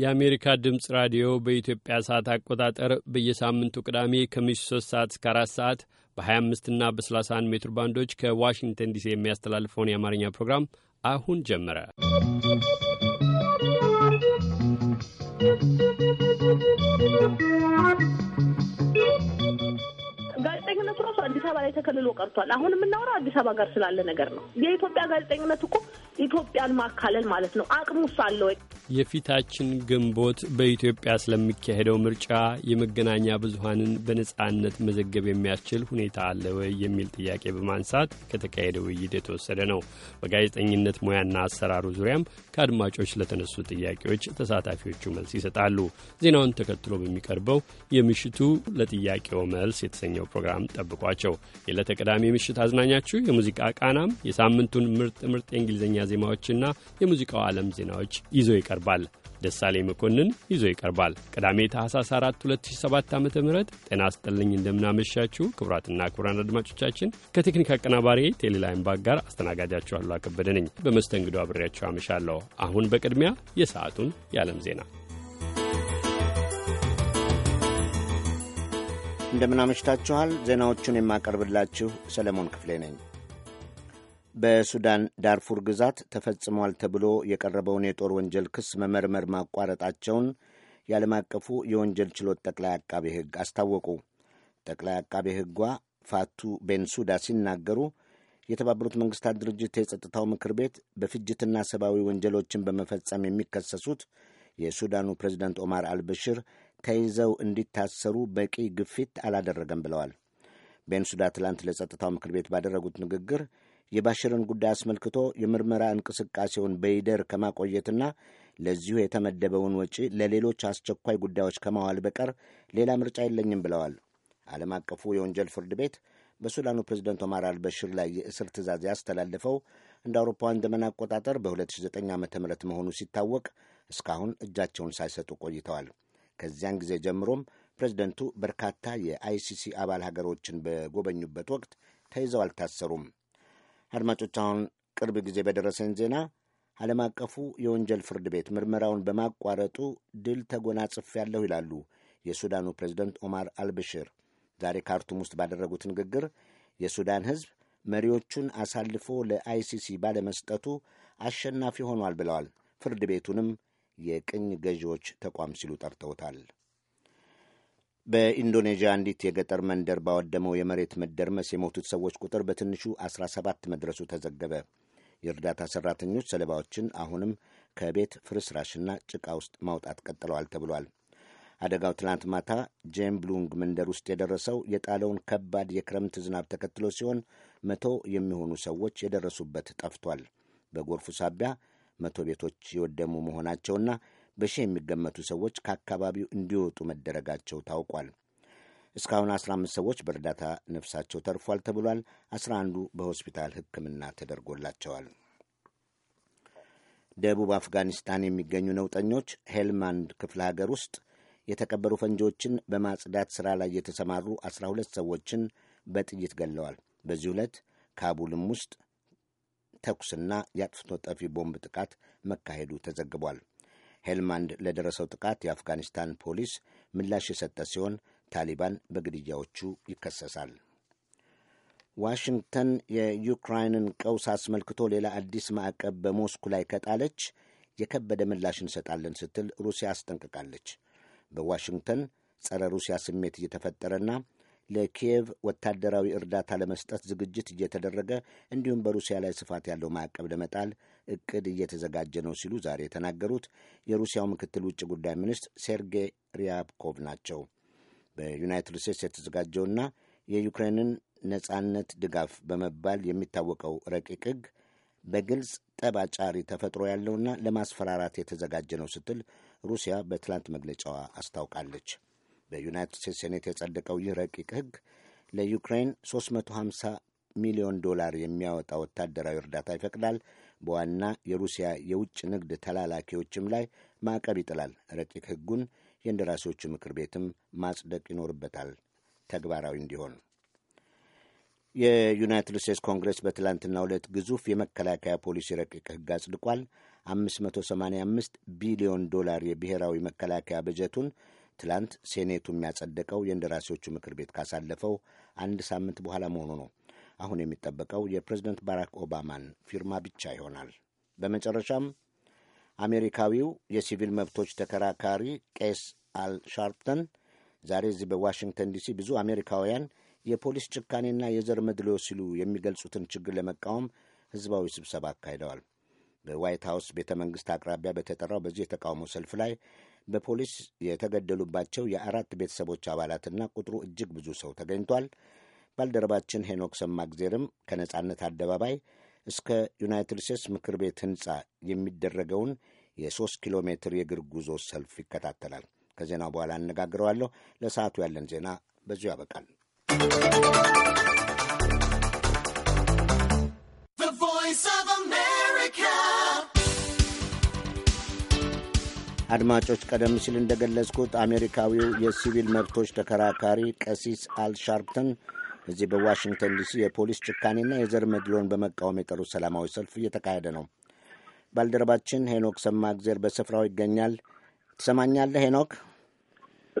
የአሜሪካ ድምፅ ራዲዮ በኢትዮጵያ ሰዓት አቆጣጠር በየሳምንቱ ቅዳሜ ከምሽቱ 3 ሰዓት እስከ 4 ሰዓት በ25 እና በ31 ሜትር ባንዶች ከዋሽንግተን ዲሲ የሚያስተላልፈውን የአማርኛ ፕሮግራም አሁን ጀመረ። አዲስ አበባ ላይ ተከልሎ ቀርቷል። አሁን የምናወራው አዲስ አበባ ጋር ስላለ ነገር ነው። የኢትዮጵያ ጋዜጠኝነት እኮ ኢትዮጵያን ማካለል ማለት ነው። አቅሙስ አለ ወይ? የፊታችን ግንቦት በኢትዮጵያ ስለሚካሄደው ምርጫ የመገናኛ ብዙሀንን በነጻነት መዘገብ የሚያስችል ሁኔታ አለ ወይ የሚል ጥያቄ በማንሳት ከተካሄደ ውይይት የተወሰደ ነው። በጋዜጠኝነት ሙያና አሰራሩ ዙሪያም ከአድማጮች ለተነሱ ጥያቄዎች ተሳታፊዎቹ መልስ ይሰጣሉ። ዜናውን ተከትሎ በሚቀርበው የምሽቱ ለጥያቄው መልስ የተሰኘው ፕሮግራም ጠብቋቸው። ናቸው። የዕለተ ቅዳሜ ምሽት አዝናኛችሁ የሙዚቃ ቃናም የሳምንቱን ምርጥ ምርጥ የእንግሊዝኛ ዜማዎችና የሙዚቃው ዓለም ዜናዎች ይዞ ይቀርባል። ደሳሌ መኮንን ይዞ ይቀርባል። ቅዳሜ ታህሳስ 4 2007 ዓ ም ጤና ስጥልኝ እንደምናመሻችሁ ክቡራትና ክቡራን አድማጮቻችን ከቴክኒክ አቀናባሪ ቴሌላይምባግ ጋር አስተናጋጃችኋሉ አከበደ ነኝ። በመስተንግዶ አብሬያችሁ አመሻለሁ። አሁን በቅድሚያ የሰዓቱን የዓለም ዜና እንደምናመሽታችኋል ዜናዎቹን የማቀርብላችሁ ሰለሞን ክፍሌ ነኝ። በሱዳን ዳርፉር ግዛት ተፈጽሟል ተብሎ የቀረበውን የጦር ወንጀል ክስ መመርመር ማቋረጣቸውን የዓለም አቀፉ የወንጀል ችሎት ጠቅላይ አቃቤ ሕግ አስታወቁ። ጠቅላይ አቃቤ ሕጓ ፋቱ ቤንሱዳ ሲናገሩ የተባበሩት መንግስታት ድርጅት የጸጥታው ምክር ቤት በፍጅትና ሰብአዊ ወንጀሎችን በመፈጸም የሚከሰሱት የሱዳኑ ፕሬዝዳንት ኦማር አልበሽር ተይዘው እንዲታሰሩ በቂ ግፊት አላደረገም ብለዋል። ቤንሱዳ ትላንት ለጸጥታው ምክር ቤት ባደረጉት ንግግር የባሽርን ጉዳይ አስመልክቶ የምርመራ እንቅስቃሴውን በይደር ከማቆየትና ለዚሁ የተመደበውን ወጪ ለሌሎች አስቸኳይ ጉዳዮች ከማዋል በቀር ሌላ ምርጫ የለኝም ብለዋል። ዓለም አቀፉ የወንጀል ፍርድ ቤት በሱዳኑ ፕሬዝደንት ኦማር አልበሽር ላይ የእስር ትዕዛዝ ያስተላለፈው እንደ አውሮፓውያን ዘመን አቆጣጠር በ2009 ዓ ም መሆኑ ሲታወቅ እስካሁን እጃቸውን ሳይሰጡ ቆይተዋል። ከዚያን ጊዜ ጀምሮም ፕሬዚደንቱ በርካታ የአይሲሲ አባል ሀገሮችን በጎበኙበት ወቅት ተይዘው አልታሰሩም። አድማጮች፣ አሁን ቅርብ ጊዜ በደረሰኝ ዜና ዓለም አቀፉ የወንጀል ፍርድ ቤት ምርመራውን በማቋረጡ ድል ያለሁ ይላሉ የሱዳኑ ፕሬዚደንት ኦማር አልብሽር ዛሬ ካርቱም ውስጥ ባደረጉት ንግግር የሱዳን ሕዝብ መሪዎቹን አሳልፎ ለአይሲሲ ባለመስጠቱ አሸናፊ ሆኗል ብለዋል። ፍርድ ቤቱንም የቅኝ ገዢዎች ተቋም ሲሉ ጠርተውታል። በኢንዶኔዥያ አንዲት የገጠር መንደር ባወደመው የመሬት መደርመስ የሞቱት ሰዎች ቁጥር በትንሹ 17 መድረሱ ተዘገበ። የእርዳታ ሠራተኞች ሰለባዎችን አሁንም ከቤት ፍርስራሽና ጭቃ ውስጥ ማውጣት ቀጥለዋል ተብሏል። አደጋው ትናንት ማታ ጄምብሉንግ መንደር ውስጥ የደረሰው የጣለውን ከባድ የክረምት ዝናብ ተከትሎ ሲሆን መቶ የሚሆኑ ሰዎች የደረሱበት ጠፍቷል። በጎርፉ ሳቢያ መቶ ቤቶች የወደሙ መሆናቸውና በሺህ የሚገመቱ ሰዎች ከአካባቢው እንዲወጡ መደረጋቸው ታውቋል። እስካሁን 15 ሰዎች በእርዳታ ነፍሳቸው ተርፏል ተብሏል። ንዱ በሆስፒታል ሕክምና ተደርጎላቸዋል። ደቡብ አፍጋኒስታን የሚገኙ ነውጠኞች ሄልማንድ ክፍለ ሀገር ውስጥ የተቀበሩ ፈንጂዎችን በማጽዳት ሥራ ላይ የተሰማሩ 12 ሰዎችን በጥይት ገለዋል። በዚህ ዕለት ካቡልም ውስጥ ተኩስና የአጥፍቶ ጠፊ ቦምብ ጥቃት መካሄዱ ተዘግቧል። ሄልማንድ ለደረሰው ጥቃት የአፍጋኒስታን ፖሊስ ምላሽ የሰጠ ሲሆን ታሊባን በግድያዎቹ ይከሰሳል። ዋሽንግተን የዩክራይንን ቀውስ አስመልክቶ ሌላ አዲስ ማዕቀብ በሞስኩ ላይ ከጣለች የከበደ ምላሽ እንሰጣለን ስትል ሩሲያ አስጠንቅቃለች። በዋሽንግተን ጸረ ሩሲያ ስሜት እየተፈጠረና ለኪየቭ ወታደራዊ እርዳታ ለመስጠት ዝግጅት እየተደረገ እንዲሁም በሩሲያ ላይ ስፋት ያለው ማዕቀብ ለመጣል እቅድ እየተዘጋጀ ነው ሲሉ ዛሬ የተናገሩት የሩሲያው ምክትል ውጭ ጉዳይ ሚኒስትር ሴርጌይ ሪያብኮቭ ናቸው። በዩናይትድ ስቴትስ የተዘጋጀውና የዩክሬንን ነጻነት ድጋፍ በመባል የሚታወቀው ረቂቅ ሕግ በግልጽ ጠባጫሪ ተፈጥሮ ያለውና ለማስፈራራት የተዘጋጀ ነው ስትል ሩሲያ በትላንት መግለጫዋ አስታውቃለች። በዩናይትድ ስቴትስ ሴኔት የጸደቀው ይህ ረቂቅ ሕግ ለዩክሬን 350 ሚሊዮን ዶላር የሚያወጣ ወታደራዊ እርዳታ ይፈቅዳል። በዋና የሩሲያ የውጭ ንግድ ተላላኪዎችም ላይ ማዕቀብ ይጥላል። ረቂቅ ሕጉን የእንደራሴዎቹ ምክር ቤትም ማጽደቅ ይኖርበታል ተግባራዊ እንዲሆን። የዩናይትድ ስቴትስ ኮንግሬስ በትላንትናው ዕለት ግዙፍ የመከላከያ ፖሊሲ ረቂቅ ሕግ አጽድቋል። 585 ቢሊዮን ዶላር የብሔራዊ መከላከያ በጀቱን ትላንት ሴኔቱ የሚያጸድቀው የእንደራሴዎቹ ምክር ቤት ካሳለፈው አንድ ሳምንት በኋላ መሆኑ ነው። አሁን የሚጠበቀው የፕሬዝደንት ባራክ ኦባማን ፊርማ ብቻ ይሆናል። በመጨረሻም አሜሪካዊው የሲቪል መብቶች ተከራካሪ ቄስ አል ሻርፕተን ዛሬ እዚህ በዋሽንግተን ዲሲ ብዙ አሜሪካውያን የፖሊስ ጭካኔና የዘር መድሎ ሲሉ የሚገልጹትን ችግር ለመቃወም ህዝባዊ ስብሰባ አካሂደዋል። በዋይት ሀውስ ቤተ መንግሥት አቅራቢያ በተጠራው በዚህ የተቃውሞ ሰልፍ ላይ በፖሊስ የተገደሉባቸው የአራት ቤተሰቦች አባላትና ቁጥሩ እጅግ ብዙ ሰው ተገኝቷል። ባልደረባችን ሄኖክ ሰማግዜርም ከነጻነት አደባባይ እስከ ዩናይትድ ስቴትስ ምክር ቤት ህንፃ የሚደረገውን የሶስት ኪሎ ሜትር የእግር ጉዞ ሰልፍ ይከታተላል። ከዜናው በኋላ አነጋግረዋለሁ። ለሰዓቱ ያለን ዜና በዚሁ ያበቃል። አድማጮች፣ ቀደም ሲል እንደገለጽኩት አሜሪካዊው የሲቪል መብቶች ተከራካሪ ቀሲስ አልሻርፕተን እዚህ በዋሽንግተን ዲሲ የፖሊስ ጭካኔና የዘር መድሎን በመቃወም የጠሩት ሰላማዊ ሰልፍ እየተካሄደ ነው። ባልደረባችን ሄኖክ ሰማእግዜር በስፍራው ይገኛል። ትሰማኛለህ ሄኖክ?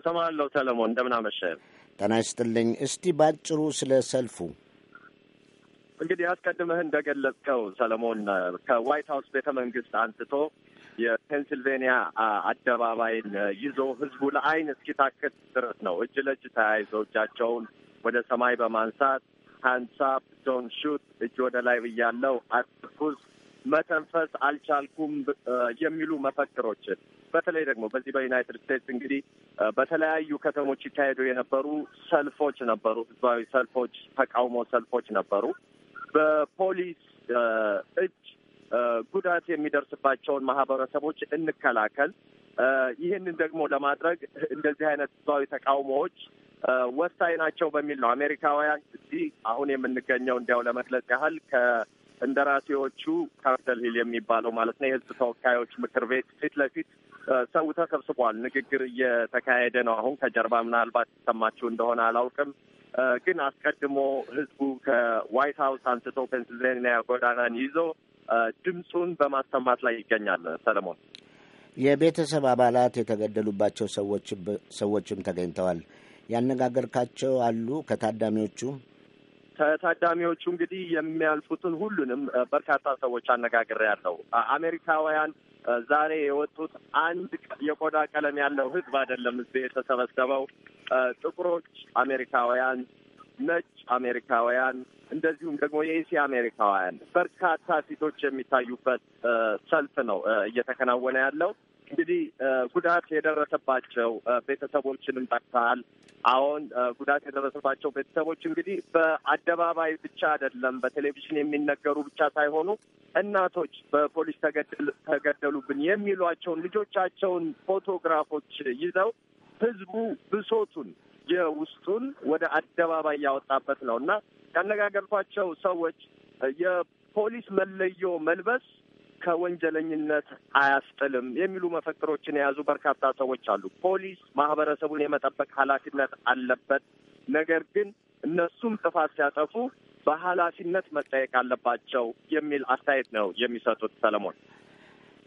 እሰማለሁ ሰለሞን፣ እንደምናመሸ ጤና ይስጥልኝ። እስቲ ባጭሩ ስለ ሰልፉ እንግዲህ አስቀድመህ እንደገለጽከው ሰለሞን ከዋይት ሀውስ ቤተ መንግስት አንስቶ የፔንሲልቬኒያ አደባባይን ይዞ ህዝቡ ለአይን እስኪታክት ድረስ ነው እጅ ለእጅ ተያይዘው እጃቸውን ወደ ሰማይ በማንሳት ሃንሳፕ ዶን ሹት እጅ ወደ ላይ ብያለው፣ አትኩስ መተንፈስ አልቻልኩም የሚሉ መፈክሮችን በተለይ ደግሞ በዚህ በዩናይትድ ስቴትስ እንግዲህ በተለያዩ ከተሞች ይካሄዱ የነበሩ ሰልፎች ነበሩ። ህዝባዊ ሰልፎች፣ ተቃውሞ ሰልፎች ነበሩ። በፖሊስ እጅ ጉዳት የሚደርስባቸውን ማህበረሰቦች እንከላከል። ይህንን ደግሞ ለማድረግ እንደዚህ አይነት ህዝባዊ ተቃውሞዎች ወሳኝ ናቸው በሚል ነው አሜሪካውያን እዚህ አሁን የምንገኘው። እንዲያው ለመግለጽ ያህል ከእንደራሴዎቹ ካፕተል ሂል የሚባለው ማለት ነው የህዝብ ተወካዮች ምክር ቤት ፊት ለፊት ሰው ተሰብስቧል። ንግግር እየተካሄደ ነው። አሁን ከጀርባ ምናልባት ሰማችሁ እንደሆነ አላውቅም፣ ግን አስቀድሞ ህዝቡ ከዋይት ሀውስ አንስቶ ፔንስልቬኒያ ጎዳናን ይዞ ድምፁን በማሰማት ላይ ይገኛል። ሰለሞን፣ የቤተሰብ አባላት የተገደሉባቸው ሰዎችም ተገኝተዋል። ያነጋገርካቸው አሉ? ከታዳሚዎቹ ከታዳሚዎቹ እንግዲህ የሚያልፉትን ሁሉንም በርካታ ሰዎች ያለው። አሜሪካውያን ዛሬ የወጡት አንድ የቆዳ ቀለም ያለው ሕዝብ አይደለም እዚህ የተሰበሰበው ጥቁሮች፣ አሜሪካውያን፣ ነጭ አሜሪካውያን እንደዚሁም ደግሞ የኤስያ አሜሪካውያን በርካታ ሴቶች የሚታዩበት ሰልፍ ነው እየተከናወነ ያለው። እንግዲህ ጉዳት የደረሰባቸው ቤተሰቦችንም ጠቅሰሃል። አሁን ጉዳት የደረሰባቸው ቤተሰቦች እንግዲህ በአደባባይ ብቻ አይደለም በቴሌቪዥን የሚነገሩ ብቻ ሳይሆኑ እናቶች በፖሊስ ተገደሉብን የሚሏቸውን ልጆቻቸውን ፎቶግራፎች ይዘው ህዝቡ ብሶቱን የውስጡን ወደ አደባባይ ያወጣበት ነው እና ያነጋገርኳቸው ሰዎች የፖሊስ መለዮ መልበስ ከወንጀለኝነት አያስጥልም የሚሉ መፈክሮችን የያዙ በርካታ ሰዎች አሉ። ፖሊስ ማህበረሰቡን የመጠበቅ ኃላፊነት አለበት። ነገር ግን እነሱም ጥፋት ሲያጠፉ በኃላፊነት መጠየቅ አለባቸው የሚል አስተያየት ነው የሚሰጡት። ሰለሞን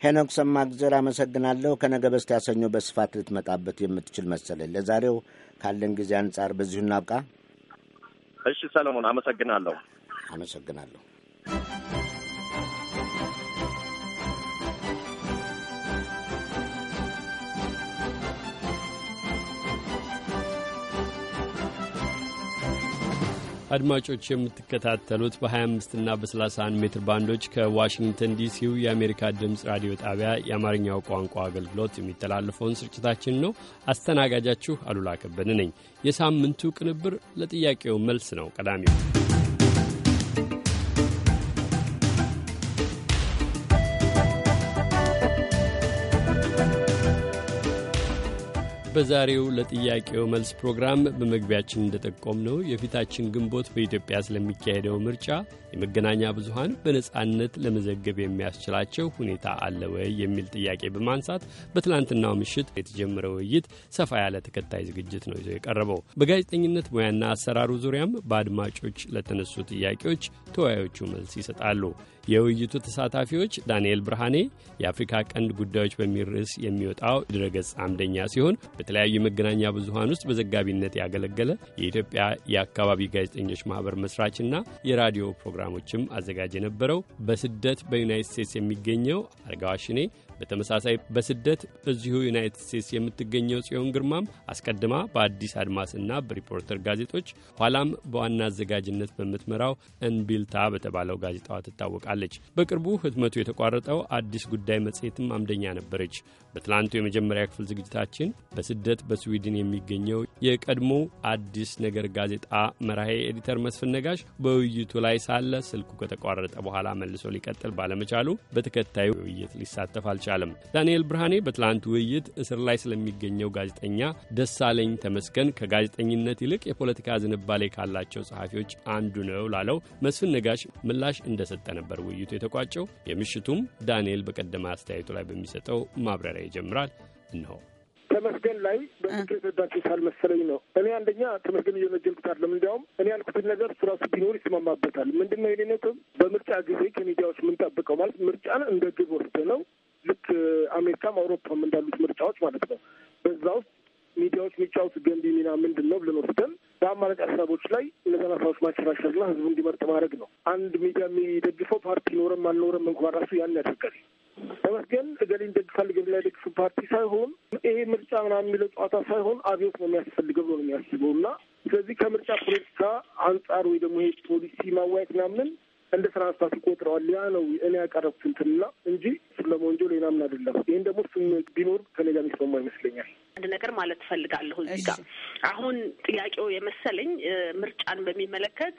ሄኖክ ሰማግዜር አመሰግናለሁ። ከነገ በስቲያ ሰኞ በስፋት ልትመጣበት የምትችል መሰለኝ። ለዛሬው ካለን ጊዜ አንጻር በዚሁ እናብቃ። እሺ ሰለሞን፣ አመሰግናለሁ። አመሰግናለሁ። አድማጮች የምትከታተሉት በ25 እና በ31 ሜትር ባንዶች ከዋሽንግተን ዲሲው የአሜሪካ ድምፅ ራዲዮ ጣቢያ የአማርኛው ቋንቋ አገልግሎት የሚተላለፈውን ስርጭታችን ነው። አስተናጋጃችሁ አሉላ ከበደ ነኝ። የሳምንቱ ቅንብር ለጥያቄው መልስ ነው። ቀዳሚው በዛሬው ለጥያቄው መልስ ፕሮግራም በመግቢያችን እንደጠቆም ነው የፊታችን ግንቦት በኢትዮጵያ ስለሚካሄደው ምርጫ የመገናኛ ብዙሀን በነጻነት ለመዘገብ የሚያስችላቸው ሁኔታ አለ ወይ የሚል ጥያቄ በማንሳት በትላንትናው ምሽት የተጀመረ ውይይት ሰፋ ያለ ተከታይ ዝግጅት ነው ይዞ የቀረበው። በጋዜጠኝነት ሙያና አሰራሩ ዙሪያም በአድማጮች ለተነሱ ጥያቄዎች ተወያዮቹ መልስ ይሰጣሉ። የውይይቱ ተሳታፊዎች ዳንኤል ብርሃኔ የአፍሪካ ቀንድ ጉዳዮች በሚል ርዕስ የሚወጣው ድረገጽ አምደኛ ሲሆን በተለያዩ የመገናኛ ብዙሀን ውስጥ በዘጋቢነት ያገለገለ የኢትዮጵያ የአካባቢ ጋዜጠኞች ማኅበር መስራችና የራዲዮ ፕሮግራም ፕሮግራሞችም አዘጋጅ የነበረው በስደት በዩናይት ስቴትስ የሚገኘው አርጋዋሽኔ በተመሳሳይ በስደት እዚሁ ዩናይትድ ስቴትስ የምትገኘው ጽዮን ግርማም አስቀድማ በአዲስ አድማስና በሪፖርተር ጋዜጦች ኋላም በዋና አዘጋጅነት በምትመራው እንቢልታ በተባለው ጋዜጣዋ ትታወቃለች። በቅርቡ ህትመቱ የተቋረጠው አዲስ ጉዳይ መጽሔትም አምደኛ ነበረች። በትላንቱ የመጀመሪያ ክፍል ዝግጅታችን በስደት በስዊድን የሚገኘው የቀድሞ አዲስ ነገር ጋዜጣ መራሄ ኤዲተር መስፍን ነጋሽ በውይይቱ ላይ ሳለ ስልኩ ከተቋረጠ በኋላ መልሶ ሊቀጥል ባለመቻሉ በተከታዩ ውይይት ሊሳተፋል አልቻለም። ዳንኤል ብርሃኔ በትላንት ውይይት እስር ላይ ስለሚገኘው ጋዜጠኛ ደሳለኝ ተመስገን ከጋዜጠኝነት ይልቅ የፖለቲካ ዝንባሌ ካላቸው ጸሐፊዎች አንዱ ነው ላለው መስፍን ነጋሽ ምላሽ እንደሰጠ ነበር ውይይቱ የተቋጨው። የምሽቱም ዳንኤል በቀደመ አስተያየቱ ላይ በሚሰጠው ማብራሪያ ይጀምራል። እንሆ ተመስገን ላይ በምክር የተዳችሳል መሰለኝ ነው። እኔ አንደኛ ተመስገን እየመጀንኩት አይደለም። እንዲያውም እኔ ያልኩትን ነገር እሱ ራሱ ቢኖር ይስማማበታል። ምንድነው የኔ ነጥብ? በምርጫ ጊዜ ከሚዲያዎች የምንጠብቀው ማለት ምርጫን እንደ ግብ ወስደ ነው አሜሪካም አውሮፓም እንዳሉት ምርጫዎች ማለት ነው። በዛ ውስጥ ሚዲያዎች የሚጫወት ገንቢ ሚና ምንድን ነው ብለን ወስደን በአማራጭ ሀሳቦች ላይ እነዛን ሀሳቦች ማንሸራሸርና ህዝቡ እንዲመርጥ ማድረግ ነው። አንድ ሚዲያ የሚደግፈው ፓርቲ ኖረም አልኖረም እንኳን ራሱ ያን ያደርጋል። ተመስገን እገሌ እንደግፋል ገሌ ላይ ደግፍ ፓርቲ ሳይሆን ይሄ ምርጫ ምናምን የሚለው ጨዋታ ሳይሆን አብዮት ነው የሚያስፈልገው ብሎ ነው የሚያስበው እና ስለዚህ ከምርጫ ፖለቲካ አንጻር ወይ ደግሞ ይሄ ፖሊሲ ማዋየት ምናምን እንደ ስራ አንስታ ሲቆጥረዋል። ያ ነው እኔ ያቀረብኩት እንትና እንጂ እሱን ለመወንጀል ወይ ምናምን አይደለም። ይህን ደግሞ ቢኖር ከኔ ጋር የሚስማማ ይመስለኛል። አንድ ነገር ማለት ትፈልጋለሁ እዚህ ጋር አሁን ጥያቄው የመሰለኝ ምርጫን በሚመለከት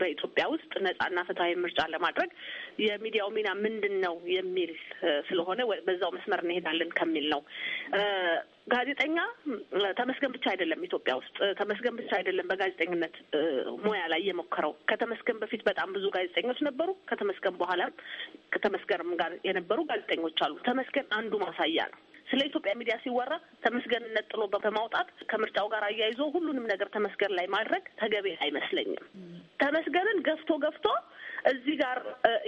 በኢትዮጵያ ውስጥ ነጻና ፍትሀዊ ምርጫ ለማድረግ የሚዲያው ሚና ምንድን ነው የሚል ስለሆነ በዛው መስመር እንሄዳለን ከሚል ነው። ጋዜጠኛ ተመስገን ብቻ አይደለም። ኢትዮጵያ ውስጥ ተመስገን ብቻ አይደለም በጋዜጠኝነት ሙያ ላይ የሞከረው። ከተመስገን በፊት በጣም ብዙ ጋዜጠኞች ነበሩ። ከተመስገን በኋላም ከተመስገንም ጋር የነበሩ ጋዜጠኞች አሉ። ተመስገን አንዱ ማሳያ ነው። ስለ ኢትዮጵያ ሚዲያ ሲወራ ተመስገንነት ጥሎ በማውጣት ከምርጫው ጋር አያይዞ ሁሉንም ነገር ተመስገን ላይ ማድረግ ተገቢ አይመስለኝም። ተመስገንን ገፍቶ ገፍቶ እዚህ ጋር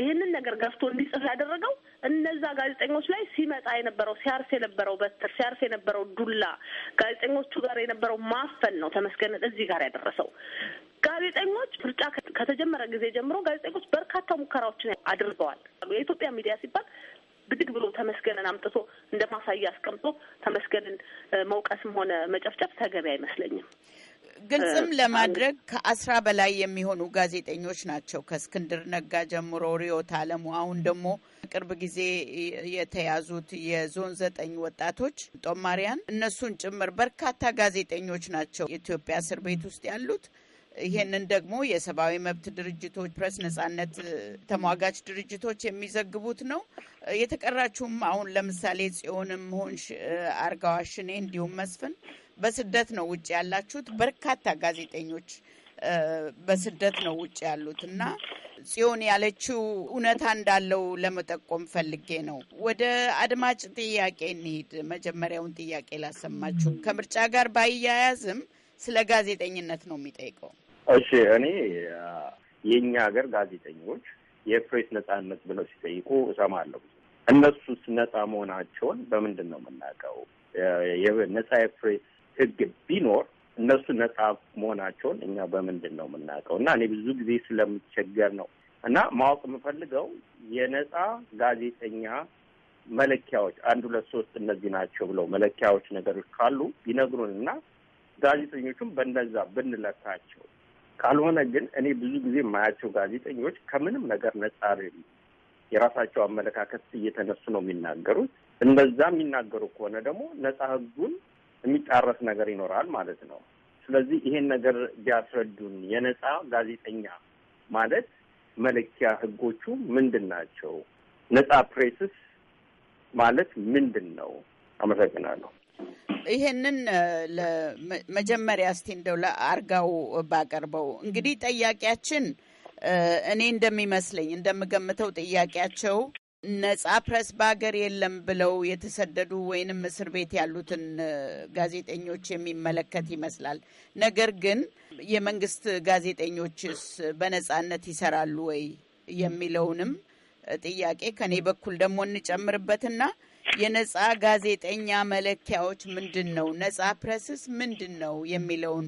ይህንን ነገር ገፍቶ እንዲጽፍ ያደረገው እነዛ ጋዜጠኞች ላይ ሲመጣ የነበረው ሲያርፍ የነበረው በትር ሲያርፍ የነበረው ዱላ፣ ጋዜጠኞቹ ጋር የነበረው ማፈን ነው ተመስገንን እዚህ ጋር ያደረሰው። ጋዜጠኞች ምርጫ ከተጀመረ ጊዜ ጀምሮ ጋዜጠኞች በርካታ ሙከራዎችን አድርገዋል። የኢትዮጵያ ሚዲያ ሲባል ብድግ ብሎ ተመስገንን አምጥቶ እንደ ማሳያ አስቀምጦ ተመስገንን መውቀስም ሆነ መጨፍጨፍ ተገቢ አይመስለኝም። ግልጽም ለማድረግ ከአስራ በላይ የሚሆኑ ጋዜጠኞች ናቸው ከእስክንድር ነጋ ጀምሮ ሪዮት አለሙ፣ አሁን ደግሞ ቅርብ ጊዜ የተያዙት የዞን ዘጠኝ ወጣቶች ጦማሪያን፣ እነሱን ጭምር በርካታ ጋዜጠኞች ናቸው ኢትዮጵያ እስር ቤት ውስጥ ያሉት። ይሄንን ደግሞ የሰብአዊ መብት ድርጅቶች፣ ፕሬስ ነጻነት ተሟጋች ድርጅቶች የሚዘግቡት ነው። የተቀራችሁም አሁን ለምሳሌ ጽዮንም ሆንሽ አርጋዋሽኔ እንዲሁም መስፍን በስደት ነው ውጭ ያላችሁት። በርካታ ጋዜጠኞች በስደት ነው ውጭ ያሉት እና ጽዮን ያለችው እውነታ እንዳለው ለመጠቆም ፈልጌ ነው። ወደ አድማጭ ጥያቄ እንሂድ። መጀመሪያውን ጥያቄ ላሰማችሁ ከምርጫ ጋር ባያያዝም ስለ ጋዜጠኝነት ነው የሚጠይቀው። እሺ እኔ የእኛ ሀገር ጋዜጠኞች የፕሬስ ነጻነት ብለው ሲጠይቁ እሰማለሁ። እነሱስ ነጻ መሆናቸውን በምንድን ነው የምናውቀው? ነጻ የፕሬስ ህግ ቢኖር እነሱ ነጻ መሆናቸውን እኛ በምንድን ነው የምናውቀው? እና እኔ ብዙ ጊዜ ስለምቸገር ነው እና ማወቅ የምፈልገው የነጻ ጋዜጠኛ መለኪያዎች አንድ፣ ሁለት፣ ሶስት እነዚህ ናቸው ብለው መለኪያዎች ነገሮች ካሉ ቢነግሩን እና ጋዜጠኞቹም በነዛ ብንለካቸው ካልሆነ ግን እኔ ብዙ ጊዜ የማያቸው ጋዜጠኞች ከምንም ነገር ነጻ የራሳቸው አመለካከት እየተነሱ ነው የሚናገሩት። እንደዛ የሚናገሩ ከሆነ ደግሞ ነጻ ህጉን የሚጣረስ ነገር ይኖራል ማለት ነው። ስለዚህ ይሄን ነገር ቢያስረዱን። የነጻ ጋዜጠኛ ማለት መለኪያ ህጎቹ ምንድን ናቸው? ነጻ ፕሬስስ ማለት ምንድን ነው? አመሰግናለሁ። ይሄንን መጀመሪያ እስቲ እንደው ለአርጋው ባቀርበው እንግዲህ ጠያቂያችን እኔ እንደሚመስለኝ እንደምገምተው ጥያቄያቸው ነጻ ፕረስ በሀገር የለም ብለው የተሰደዱ ወይንም እስር ቤት ያሉትን ጋዜጠኞች የሚመለከት ይመስላል። ነገር ግን የመንግስት ጋዜጠኞችስ በነጻነት ይሰራሉ ወይ የሚለውንም ጥያቄ ከኔ በኩል ደግሞ እንጨምርበትና የነጻ ጋዜጠኛ መለኪያዎች ምንድን ነው? ነጻ ፕረስስ ምንድን ነው የሚለውን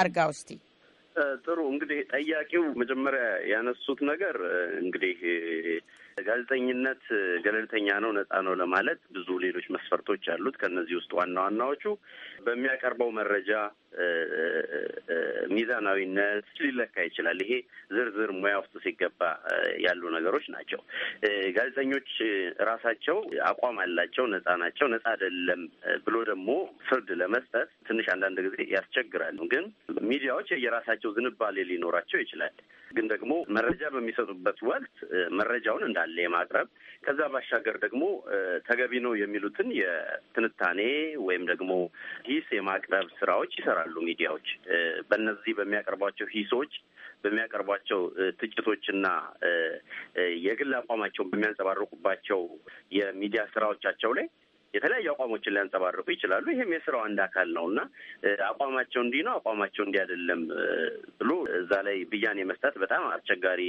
አርጋ ውስቲ ጥሩ እንግዲህ ጠያቂው መጀመሪያ ያነሱት ነገር እንግዲህ ጋዜጠኝነት ገለልተኛ ነው፣ ነጻ ነው ለማለት ብዙ ሌሎች መስፈርቶች አሉት። ከእነዚህ ውስጥ ዋና ዋናዎቹ በሚያቀርበው መረጃ ሚዛናዊነት ሊለካ ይችላል። ይሄ ዝርዝር ሙያ ውስጥ ሲገባ ያሉ ነገሮች ናቸው። ጋዜጠኞች ራሳቸው አቋም አላቸው፣ ነጻ ናቸው፣ ነጻ አይደለም ብሎ ደግሞ ፍርድ ለመስጠት ትንሽ አንዳንድ ጊዜ ያስቸግራሉ። ግን ሚዲያዎች የራሳቸው ዝንባሌ ሊኖራቸው ይችላል። ግን ደግሞ መረጃ በሚሰጡበት ወቅት መረጃውን እንዳለ የማቅረብ ከዛ ባሻገር ደግሞ ተገቢ ነው የሚሉትን የትንታኔ ወይም ደግሞ ሂስ የማቅረብ ስራዎች ይሰራል። ይሰራሉ ሚዲያዎች በእነዚህ በሚያቀርቧቸው ሂሶች በሚያቀርቧቸው ትችቶችና የግል አቋማቸውን በሚያንጸባርቁባቸው የሚዲያ ስራዎቻቸው ላይ የተለያዩ አቋሞችን ሊያንጸባርቁ ይችላሉ። ይህም የስራው አንድ አካል ነው እና አቋማቸው እንዲህ ነው፣ አቋማቸው እንዲህ አይደለም ብሎ እዛ ላይ ብያኔ መስጠት በጣም አስቸጋሪ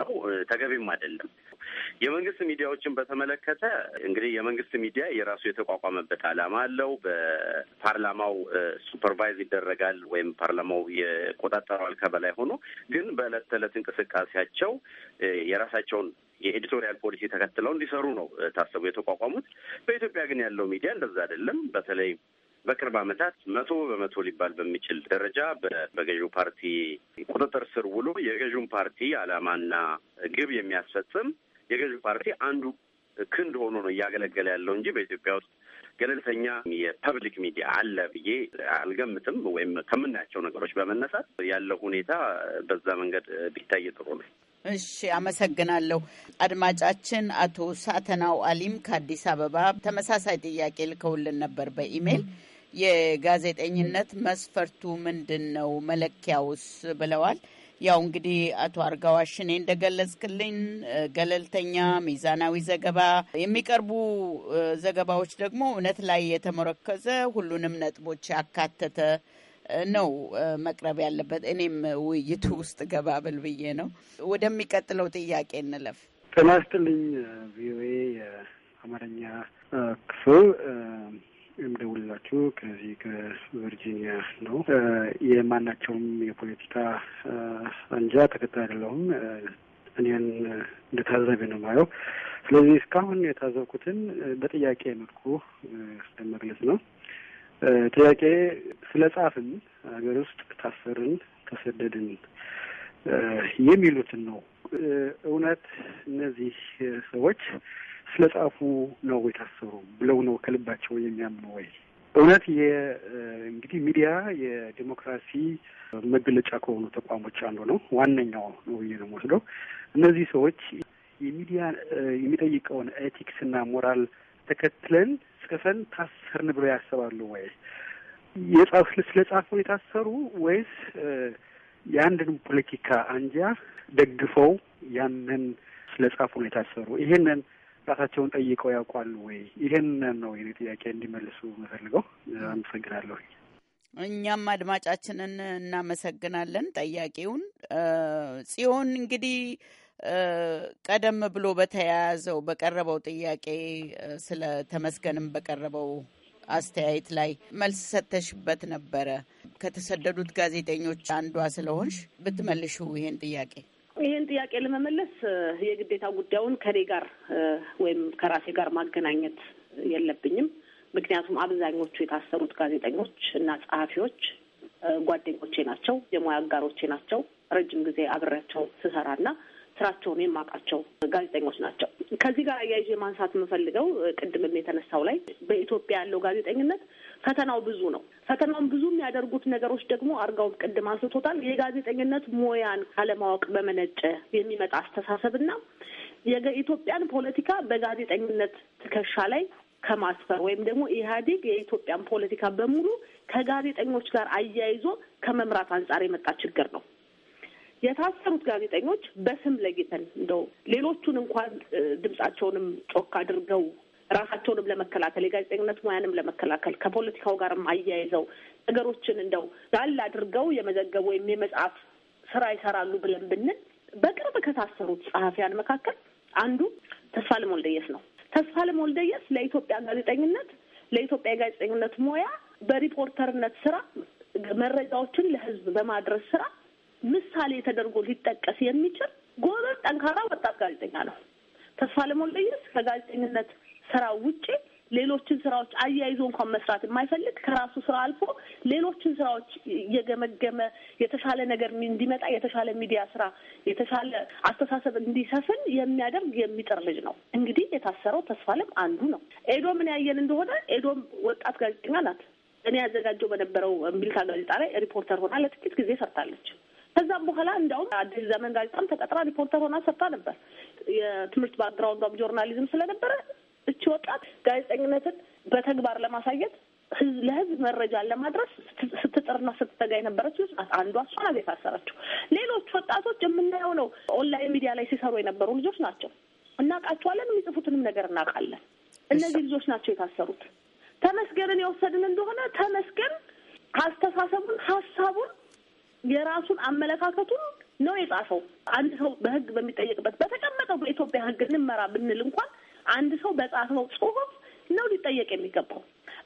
ነው፣ ተገቢም አይደለም። የመንግስት ሚዲያዎችን በተመለከተ እንግዲህ የመንግስት ሚዲያ የራሱ የተቋቋመበት ዓላማ አለው። በፓርላማው ሱፐርቫይዝ ይደረጋል ወይም ፓርላማው የቆጣጠረዋል ከበላይ ሆኖ ግን በእለት ተዕለት እንቅስቃሴያቸው የራሳቸውን የኤዲቶሪያል ፖሊሲ ተከትለው እንዲሰሩ ነው ታሰቡ የተቋቋሙት። በኢትዮጵያ ግን ያለው ሚዲያ እንደዛ አይደለም። በተለይ በቅርብ ዓመታት መቶ በመቶ ሊባል በሚችል ደረጃ በገዢው ፓርቲ ቁጥጥር ስር ውሎ የገዢውን ፓርቲ ዓላማና ግብ የሚያስፈጽም የገዢው ፓርቲ አንዱ ክንድ ሆኖ ነው እያገለገለ ያለው እንጂ በኢትዮጵያ ውስጥ ገለልተኛ የፐብሊክ ሚዲያ አለ ብዬ አልገምትም። ወይም ከምናያቸው ነገሮች በመነሳት ያለው ሁኔታ በዛ መንገድ ቢታይ ጥሩ ነው። እሺ፣ አመሰግናለሁ። አድማጫችን አቶ ሳተናው አሊም ከአዲስ አበባ ተመሳሳይ ጥያቄ ልከውልን ነበር በኢሜይል የጋዜጠኝነት መስፈርቱ ምንድን ነው? መለኪያውስ? ብለዋል። ያው እንግዲህ አቶ አርጋዋሽኔ እንደገለጽክልኝ ገለልተኛ፣ ሚዛናዊ ዘገባ የሚቀርቡ ዘገባዎች ደግሞ እውነት ላይ የተመረከዘ ሁሉንም ነጥቦች ያካተተ ነው መቅረብ ያለበት። እኔም ውይይቱ ውስጥ ገባብል ብዬ ነው። ወደሚቀጥለው ጥያቄ እንለፍ። ጤና ይስጥልኝ። ቪኦኤ የአማርኛ ክፍል እንደውላችሁ ከዚህ ከቨርጂኒያ ነው። የማናቸውም የፖለቲካ አንጃ ተከታይ አይደለሁም። እኔን እንደ ነው ማየው። ስለዚህ እስካሁን የታዘብኩትን በጥያቄ መልኩ ለመግለጽ ነው። ጥያቄ ስለ ጻፍን ሀገር ውስጥ ታሰርን፣ ተሰደድን የሚሉትን ነው። እውነት እነዚህ ሰዎች ስለ ጻፉ ነው የታሰሩ ብለው ነው ከልባቸው የሚያምኑ ወይ? እውነት እንግዲህ ሚዲያ የዲሞክራሲ መገለጫ ከሆኑ ተቋሞች አንዱ ነው፣ ዋነኛው ነው ብዬ ነው የምወስደው። እነዚህ ሰዎች የሚዲያ የሚጠይቀውን ኤቲክስና ሞራል ተከትለን ጽፈን ታሰርን ብለው ያስባሉ ወይ? ስለጻፉ የታሰሩ ወይስ የአንድን ፖለቲካ አንጃ ደግፈው ያንን ስለጻፉ ነው የታሰሩ? ይሄንን ራሳቸውን ጠይቀው ያውቋሉ ወይ? ይሄንን ነው የኔ ጥያቄ እንዲመልሱ መፈልገው። አመሰግናለሁ። እኛም አድማጫችንን እናመሰግናለን ጥያቄውን ጽዮን እንግዲህ ቀደም ብሎ በተያያዘው በቀረበው ጥያቄ ስለ ተመስገንም በቀረበው አስተያየት ላይ መልስ ሰተሽበት ነበረ። ከተሰደዱት ጋዜጠኞች አንዷ ስለሆንሽ ብትመልሽው ይሄን ጥያቄ ይህን ጥያቄ ለመመለስ የግዴታ ጉዳዩን ከኔ ጋር ወይም ከራሴ ጋር ማገናኘት የለብኝም። ምክንያቱም አብዛኞቹ የታሰሩት ጋዜጠኞች እና ጸሐፊዎች ጓደኞቼ ናቸው፣ የሙያ አጋሮቼ ናቸው። ረጅም ጊዜ አብሬያቸው ስሰራና ስራቸውን የማውቃቸው ጋዜጠኞች ናቸው። ከዚህ ጋር አያይዤ ማንሳት የምፈልገው ቅድምም የተነሳው ላይ በኢትዮጵያ ያለው ጋዜጠኝነት ፈተናው ብዙ ነው። ፈተናውን ብዙ የሚያደርጉት ነገሮች ደግሞ አርጋውም ቅድም አንስቶታል። የጋዜጠኝነት ሙያን ካለማወቅ በመነጨ የሚመጣ አስተሳሰብና የኢትዮጵያን ፖለቲካ በጋዜጠኝነት ትከሻ ላይ ከማስፈር ወይም ደግሞ ኢህአዴግ የኢትዮጵያን ፖለቲካ በሙሉ ከጋዜጠኞች ጋር አያይዞ ከመምራት አንጻር የመጣ ችግር ነው። የታሰሩት ጋዜጠኞች በስም ለይተን እንደው ሌሎቹን እንኳን ድምጻቸውንም ጮክ አድርገው ራሳቸውንም ለመከላከል የጋዜጠኝነት ሙያንም ለመከላከል ከፖለቲካው ጋርም አያይዘው ነገሮችን እንደው ዛል አድርገው የመዘገብ ወይም የመጽሐፍ ስራ ይሰራሉ ብለን ብንል በቅርብ ከታሰሩት ጸሐፊያን መካከል አንዱ ተስፋለም ወልደየስ ነው። ተስፋለም ወልደየስ ለኢትዮጵያ ጋዜጠኝነት ለኢትዮጵያ የጋዜጠኝነት ሙያ በሪፖርተርነት ስራ መረጃዎችን ለህዝብ በማድረስ ስራ ምሳሌ ተደርጎ ሊጠቀስ የሚችል ጎበዝ፣ ጠንካራ ወጣት ጋዜጠኛ ነው። ተስፋ ለሞለየስ ከጋዜጠኝነት ስራ ውጪ ሌሎችን ስራዎች አያይዞ እንኳን መስራት የማይፈልግ ከራሱ ስራ አልፎ ሌሎችን ስራዎች እየገመገመ የተሻለ ነገር እንዲመጣ የተሻለ ሚዲያ ስራ፣ የተሻለ አስተሳሰብ እንዲሰፍን የሚያደርግ የሚጥር ልጅ ነው። እንግዲህ የታሰረው ተስፋለም አንዱ ነው። ኤዶምን ያየን እንደሆነ ኤዶም ወጣት ጋዜጠኛ ናት። እኔ ያዘጋጀው በነበረው እምቢልታ ጋዜጣ ላይ ሪፖርተር ሆና ለጥቂት ጊዜ ሰርታለች። ከዛም በኋላ እንዲያውም አዲስ ዘመን ጋዜጣም ተቀጥራ ሪፖርተር ሆና ሰርታ ነበር። የትምህርት ባክግራውንዷም ጆርናሊዝም ስለነበረ እቺ ወጣት ጋዜጠኝነትን በተግባር ለማሳየት ለህዝብ መረጃን ለማድረስ ስትጥርና ስትተጋ የነበረችው አንዷ እሷ ናት የታሰረችው። ሌሎች ወጣቶች የምናየው ነው። ኦንላይን ሚዲያ ላይ ሲሰሩ የነበሩ ልጆች ናቸው። እናውቃቸዋለን። የሚጽፉትንም ነገር እናውቃለን። እነዚህ ልጆች ናቸው የታሰሩት። ተመስገንን የወሰድን እንደሆነ ተመስገን አስተሳሰቡን ሀሳቡን የራሱን አመለካከቱን ነው የጻፈው። አንድ ሰው በህግ በሚጠየቅበት በተቀመጠው በኢትዮጵያ ህግ እንመራ ብንል እንኳን አንድ ሰው በጻፈው ጽሁፍ ነው ሊጠየቅ የሚገባው።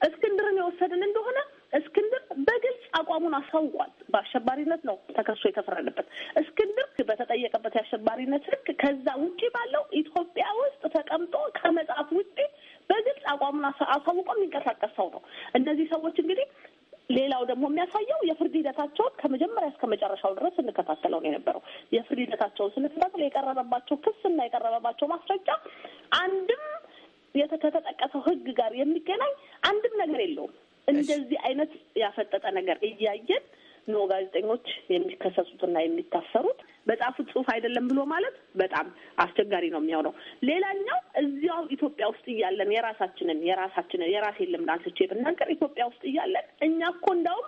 እስክንድርን የወሰድን እንደሆነ እስክንድር በግልጽ አቋሙን አሳውቋል። በአሸባሪነት ነው ተከሶ የተፈረደበት። እስክንድር በተጠየቀበት የአሸባሪነት ህግ ከዛ ውጪ ባለው ኢትዮጵያ ውስጥ ተቀምጦ ከመጽሐፍ ውጪ በግልጽ አቋሙን አሳውቆ የሚንቀሳቀስ ሰው ነው። እነዚህ ሰዎች እንግዲህ ሌላው ደግሞ የሚያሳየው የፍርድ ሂደታቸውን ከመጀመሪያ እስከ መጨረሻው ድረስ እንከታተለው ነው የነበረው። የፍርድ ሂደታቸውን ስንከታተል የቀረበባቸው ክስና የቀረበባቸው ማስረጃ አንድም ከተጠቀሰው ሕግ ጋር የሚገናኝ አንድም ነገር የለውም። እንደዚህ አይነት ያፈጠጠ ነገር እያየን ነው ጋዜጠኞች የሚከሰሱትና የሚታሰሩት። በጻፉት ጽሁፍ አይደለም ብሎ ማለት በጣም አስቸጋሪ ነው የሚሆነው። ሌላኛው እዚያው ኢትዮጵያ ውስጥ እያለን የራሳችንን የራሳችንን የራሴን ልምድ አንስቼ ብናገር ኢትዮጵያ ውስጥ እያለን እኛ እኮ እንዳውም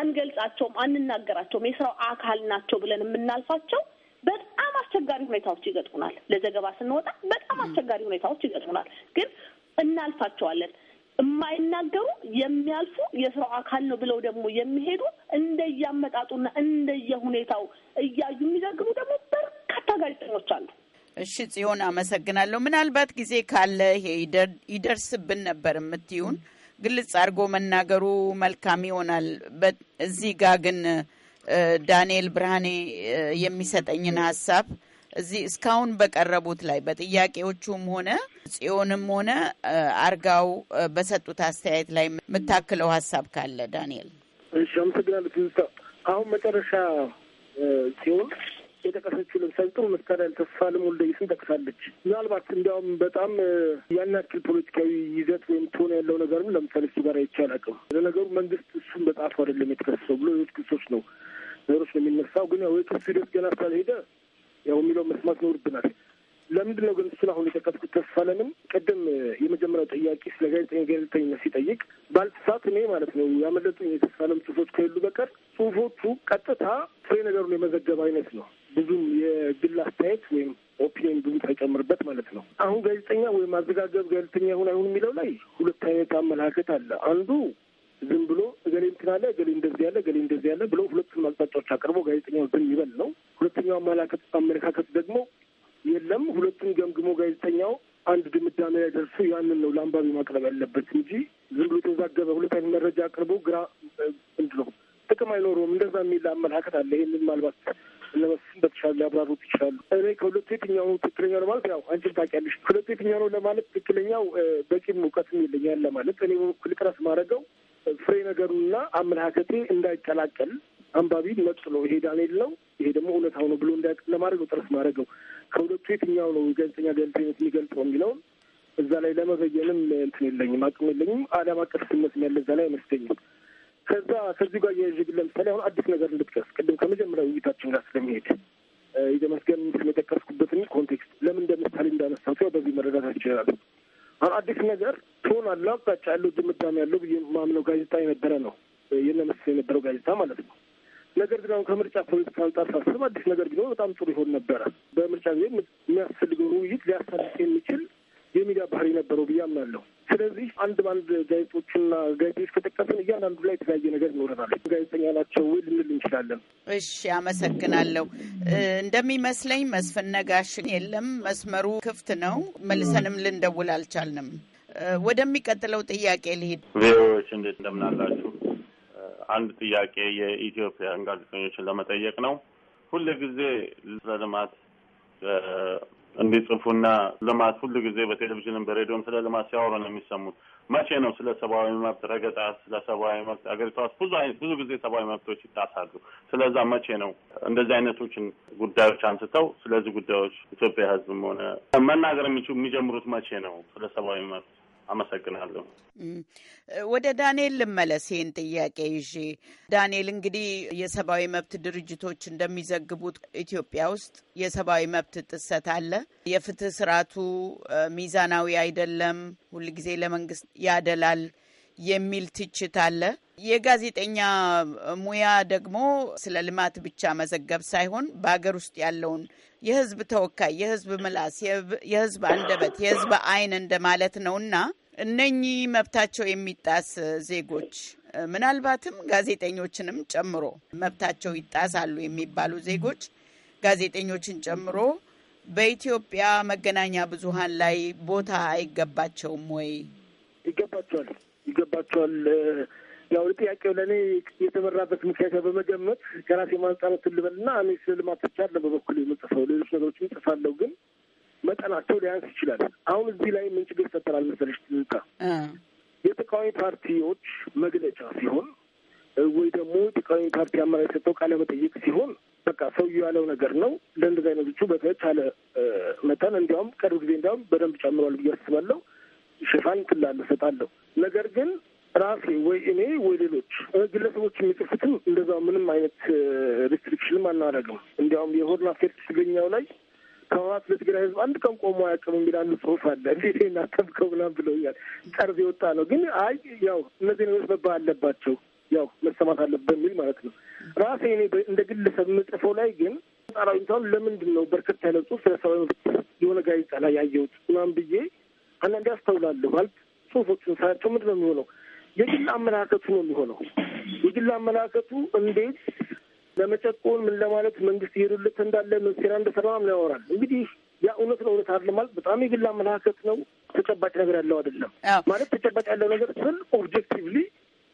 አንገልጻቸውም፣ አንናገራቸውም የስራው አካል ናቸው ብለን የምናልፋቸው በጣም አስቸጋሪ ሁኔታዎች ይገጥሙናል። ለዘገባ ስንወጣ በጣም አስቸጋሪ ሁኔታዎች ይገጥሙናል ግን እናልፋቸዋለን። የማይናገሩ የሚያልፉ የስራው አካል ነው ብለው ደግሞ የሚሄዱ እንደየአመጣጡና እንደየሁኔታው እያዩ የሚዘግቡ ደግሞ በርካታ ጋዜጠኞች አሉ። እሺ ጽዮን አመሰግናለሁ። ምናልባት ጊዜ ካለ ይሄ ይደርስብን ነበር የምትዩን ግልጽ አድርጎ መናገሩ መልካም ይሆናል። እዚህ ጋ ግን ዳንኤል ብርሃኔ የሚሰጠኝን ሀሳብ እዚህ እስካሁን በቀረቡት ላይ በጥያቄዎቹም ሆነ ጽዮንም ሆነ አርጋው በሰጡት አስተያየት ላይ የምታክለው ሀሳብ ካለ ዳንኤል? እሺ፣ አመሰግናለሁ ትዝታ። አሁን መጨረሻ ጽዮን የጠቀሰችው ለምሳሌ ጥሩ መሳሪያ ተስፋለም ወልደየስን ጠቅሳለች። ምናልባት እንዲያውም በጣም ያን ያክል ፖለቲካዊ ይዘት ወይም ትሆነ ያለው ነገርም ለምሳሌ እሱ ጋር አይቼ አላውቅም። ለነገሩ መንግስት እሱን በጣፉ አይደለም የተከሰሰው ብሎ ሌሎች ክሶች ነው ነገሮች ነው የሚነሳው። ግን ያው የክሱ ሂደት ገና ስላልሄደ ያው የሚለው መስማት ይኖርብናል። ለምንድን ነው ግን ስለአሁን የጠቀስኩት? ቅድም የመጀመሪያው ጥያቄ ስለ ጋዜጠኛ ጋዜጠኝነት ሲጠይቅ ባልሳት እኔ ማለት ነው ያመለጡኝ የተስፋለም ጽሁፎች ከሌሉ በቀር ጽሁፎቹ ቀጥታ ፍሬ ነገሩን የመዘገብ አይነት ነው። ብዙም የግል አስተያየት ወይም ኦፒኒን ብዙ ሳይጨምርበት ማለት ነው። አሁን ጋዜጠኛ ወይም አዘጋገብ ጋዜጠኛ ይሁን አይሁን የሚለው ላይ ሁለት አይነት አመለካከት አለ። አንዱ ዝም ብሎ እገሌ እንትን አለ፣ እገሌ እንደዚህ ያለ፣ እገሌ እንደዚህ ያለ ብሎ ሁለቱም አቅጣጫዎች አቅርቦ ጋዜጠኛው ዝም ይበል ነው። ሁለተኛው አመለካከት ደግሞ የለም። ሁለቱን ገምግሞ ጋዜጠኛው አንድ ድምዳሜ ላይ ደርሶ ያንን ነው ለአንባቢ ማቅረብ ያለበት እንጂ ዝም ብሎ የተዛገበ ሁለት አይነት መረጃ አቅርቦ ግራ ምንድን ነው ጥቅም አይኖረውም። እንደዛ የሚል አመለካከት አለ። ይህንን ምናልባት ለመስን በተሻለ ሊያብራሩት ይችላሉ። እኔ ከሁለቱ የትኛው ነው ትክክለኛው ለማለት ያው አንቺም ታውቂያለሽ፣ ሁለቱ የትኛው ነው ለማለት ትክክለኛው በቂም እውቀትም የለኛል ለማለት እኔ በኩል ጥረት ማድረገው ፍሬ ነገሩና አመለካከቴ እንዳይቀላቀል አንባቢን ነጥሎ ይሄ ዳንኤል ነው ይሄ ደግሞ እውነታው ነው ብሎ እንዲያውቅ ለማድረግ ነው ጥረት ማድረግ ነው። ከሁለቱ የትኛው ነው የጋዜጠኛ ገለልተኝነት የሚገልጠው የሚለውን እዛ ላይ ለመበየንም እንትን የለኝም፣ አቅም የለኝም። አለም አቀፍ አቀፍነት ያለ እዛ ላይ አይመስለኝም። ከዛ ከዚህ ጋር የዥ ግን ለምሳሌ አሁን አዲስ ነገር እንድትቀስ ቅድም ከመጀመሪያ ውይይታችን ጋር ስለሚሄድ የደመስገን ስም የጠቀስኩበትን ኮንቴክስት ለምን እንደምሳሌ እንዳነሳቸው በዚህ መረዳታት ይችላል። አሁን አዲስ ነገር ትሆን አለው አቅጣጫ ያለው ድምዳሜ ያለው ብዬ ማምነው ጋዜጣ የነበረ ነው የነመስ የነበረው ጋዜጣ ማለት ነው ነገር ግን አሁን ከምርጫ ፖለቲካ አንጻር ሳስብ አዲስ ነገር ቢኖር በጣም ጥሩ ይሆን ነበረ። በምርጫ ጊዜ የሚያስፈልገውን ውይይት ሊያሳልጥ የሚችል የሚዲያ ባህሪ ነበረው ብዬ አምናለሁ። ስለዚህ አንድ በአንድ ጋዜጦችና ጋዜጦች ከጠቀስን እያንዳንዱ ላይ የተለያየ ነገር ይኖረናል። ጋዜጠኛ ናቸው ወይ ልንል እንችላለን። እሺ፣ አመሰግናለሁ። እንደሚመስለኝ መስፍን ነጋሽ የለም፣ መስመሩ ክፍት ነው። መልሰንም ልንደውል አልቻልንም። ወደሚቀጥለው ጥያቄ ልሂድ። ቪኦኤዎች እንዴት እንደምናላችሁ አንድ ጥያቄ የኢትዮጵያን ጋዜጠኞችን ለመጠየቅ ነው። ሁል ጊዜ ለልማት እንዲጽፉና ልማት ሁል ጊዜ በቴሌቪዥንም በሬዲዮም ስለ ልማት ሲያወሩ ነው የሚሰሙት። መቼ ነው ስለ ሰብአዊ መብት ረገጣ፣ ስለ ሰብአዊ መብት አገሪቷ ብዙ አይነት ብዙ ጊዜ ሰብአዊ መብቶች ይጣሳሉ። ስለዛ መቼ ነው እንደዚህ አይነቶችን ጉዳዮች አንስተው ስለዚህ ጉዳዮች ኢትዮጵያ ሕዝብም ሆነ መናገር የሚችሉ የሚጀምሩት መቼ ነው ስለ ሰብአዊ መብት አመሰግናለሁ። ወደ ዳንኤል ልመለስ ይህን ጥያቄ ይዤ። ዳንኤል እንግዲህ የሰብአዊ መብት ድርጅቶች እንደሚዘግቡት ኢትዮጵያ ውስጥ የሰብአዊ መብት ጥሰት አለ። የፍትህ ስርዓቱ ሚዛናዊ አይደለም፣ ሁልጊዜ ለመንግስት ያደላል የሚል ትችት አለ። የጋዜጠኛ ሙያ ደግሞ ስለ ልማት ብቻ መዘገብ ሳይሆን በሀገር ውስጥ ያለውን የህዝብ ተወካይ፣ የህዝብ ምላስ፣ የህዝብ አንደበት፣ የህዝብ አይን እንደማለት ነውና እነኚህ መብታቸው የሚጣስ ዜጎች ምናልባትም ጋዜጠኞችንም ጨምሮ መብታቸው ይጣሳሉ የሚባሉ ዜጎች ጋዜጠኞችን ጨምሮ በኢትዮጵያ መገናኛ ብዙኃን ላይ ቦታ አይገባቸውም ወይ? ይገባቸዋል፣ ይገባቸዋል። ያው ጥያቄው ለእኔ የተመራበት ምክንያት በመገመት ከራሴ ማንጻረት ልበልና እኔ ስለ ልማት ብቻ በበኩል የምጽፈው ሌሎች ነገሮች እጽፋለሁ ግን መጠናቸው ሊያንስ ይችላል። አሁን እዚህ ላይ ምን ችግር ይፈጠራል መሰለሽ ትዝታ? የተቃዋሚ ፓርቲዎች መግለጫ ሲሆን ወይ ደግሞ የተቃዋሚ ፓርቲ አመራር የሰጠው ቃለ መጠይቅ ሲሆን በቃ ሰውዬው ያለው ነገር ነው። ለእንደዚህ አይነቶቹ በተቻለ መጠን እንዲያውም ቅርብ ጊዜ እንዲያውም በደንብ ጨምሯል ብዬ አስባለሁ። ሽፋን ትላለ ሰጣለሁ። ነገር ግን ራሴ ወይ እኔ ወይ ሌሎች ግለሰቦች የሚጽፉትም እንደዛው ምንም አይነት ሪስትሪክሽንም አናደርግም። እንዲያውም የሆርን አፌርት ትግርኛው ላይ ከህወሓት ለትግራይ ህዝብ አንድ ቀን ቆሞ አያውቅም የሚል አንድ ጽሁፍ አለ። እንዴት እናተምከው ምናምን ብለውኛል። ጠርዝ የወጣ ነው ግን አይ ያው እነዚህ ነገሮች መባል አለባቸው ያው መሰማት አለ በሚል ማለት ነው። ራሴ እኔ እንደ ግለሰብ ምጽፎ ላይ ግን ጣራዊ ለምንድን ነው በርከት ያለ ጽሁፍ ስለ ሰብአዊ መብት የሆነ ጋዜጣ ላይ ያየሁት ምናምን ብዬ አንዳንዴ አስተውላለሁ። ማለት ጽሁፎችን ሳያቸው ምንድን ነው የሚሆነው የግል አመለካከቱ ነው የሚሆነው የግል አመለካከቱ እንዴት ለመጨቆን ምን ለማለት መንግስት እየሄዱለት እንዳለ ምን ሴራ እንደሰራ ምናምን ያወራል። እንግዲህ ያ እውነት ነው እውነት አለ ማለት በጣም የግል አመለካከት ነው። ተጨባጭ ነገር ያለው አይደለም ማለት ተጨባጭ ያለው ነገር ስል ኦብጀክቲቭሊ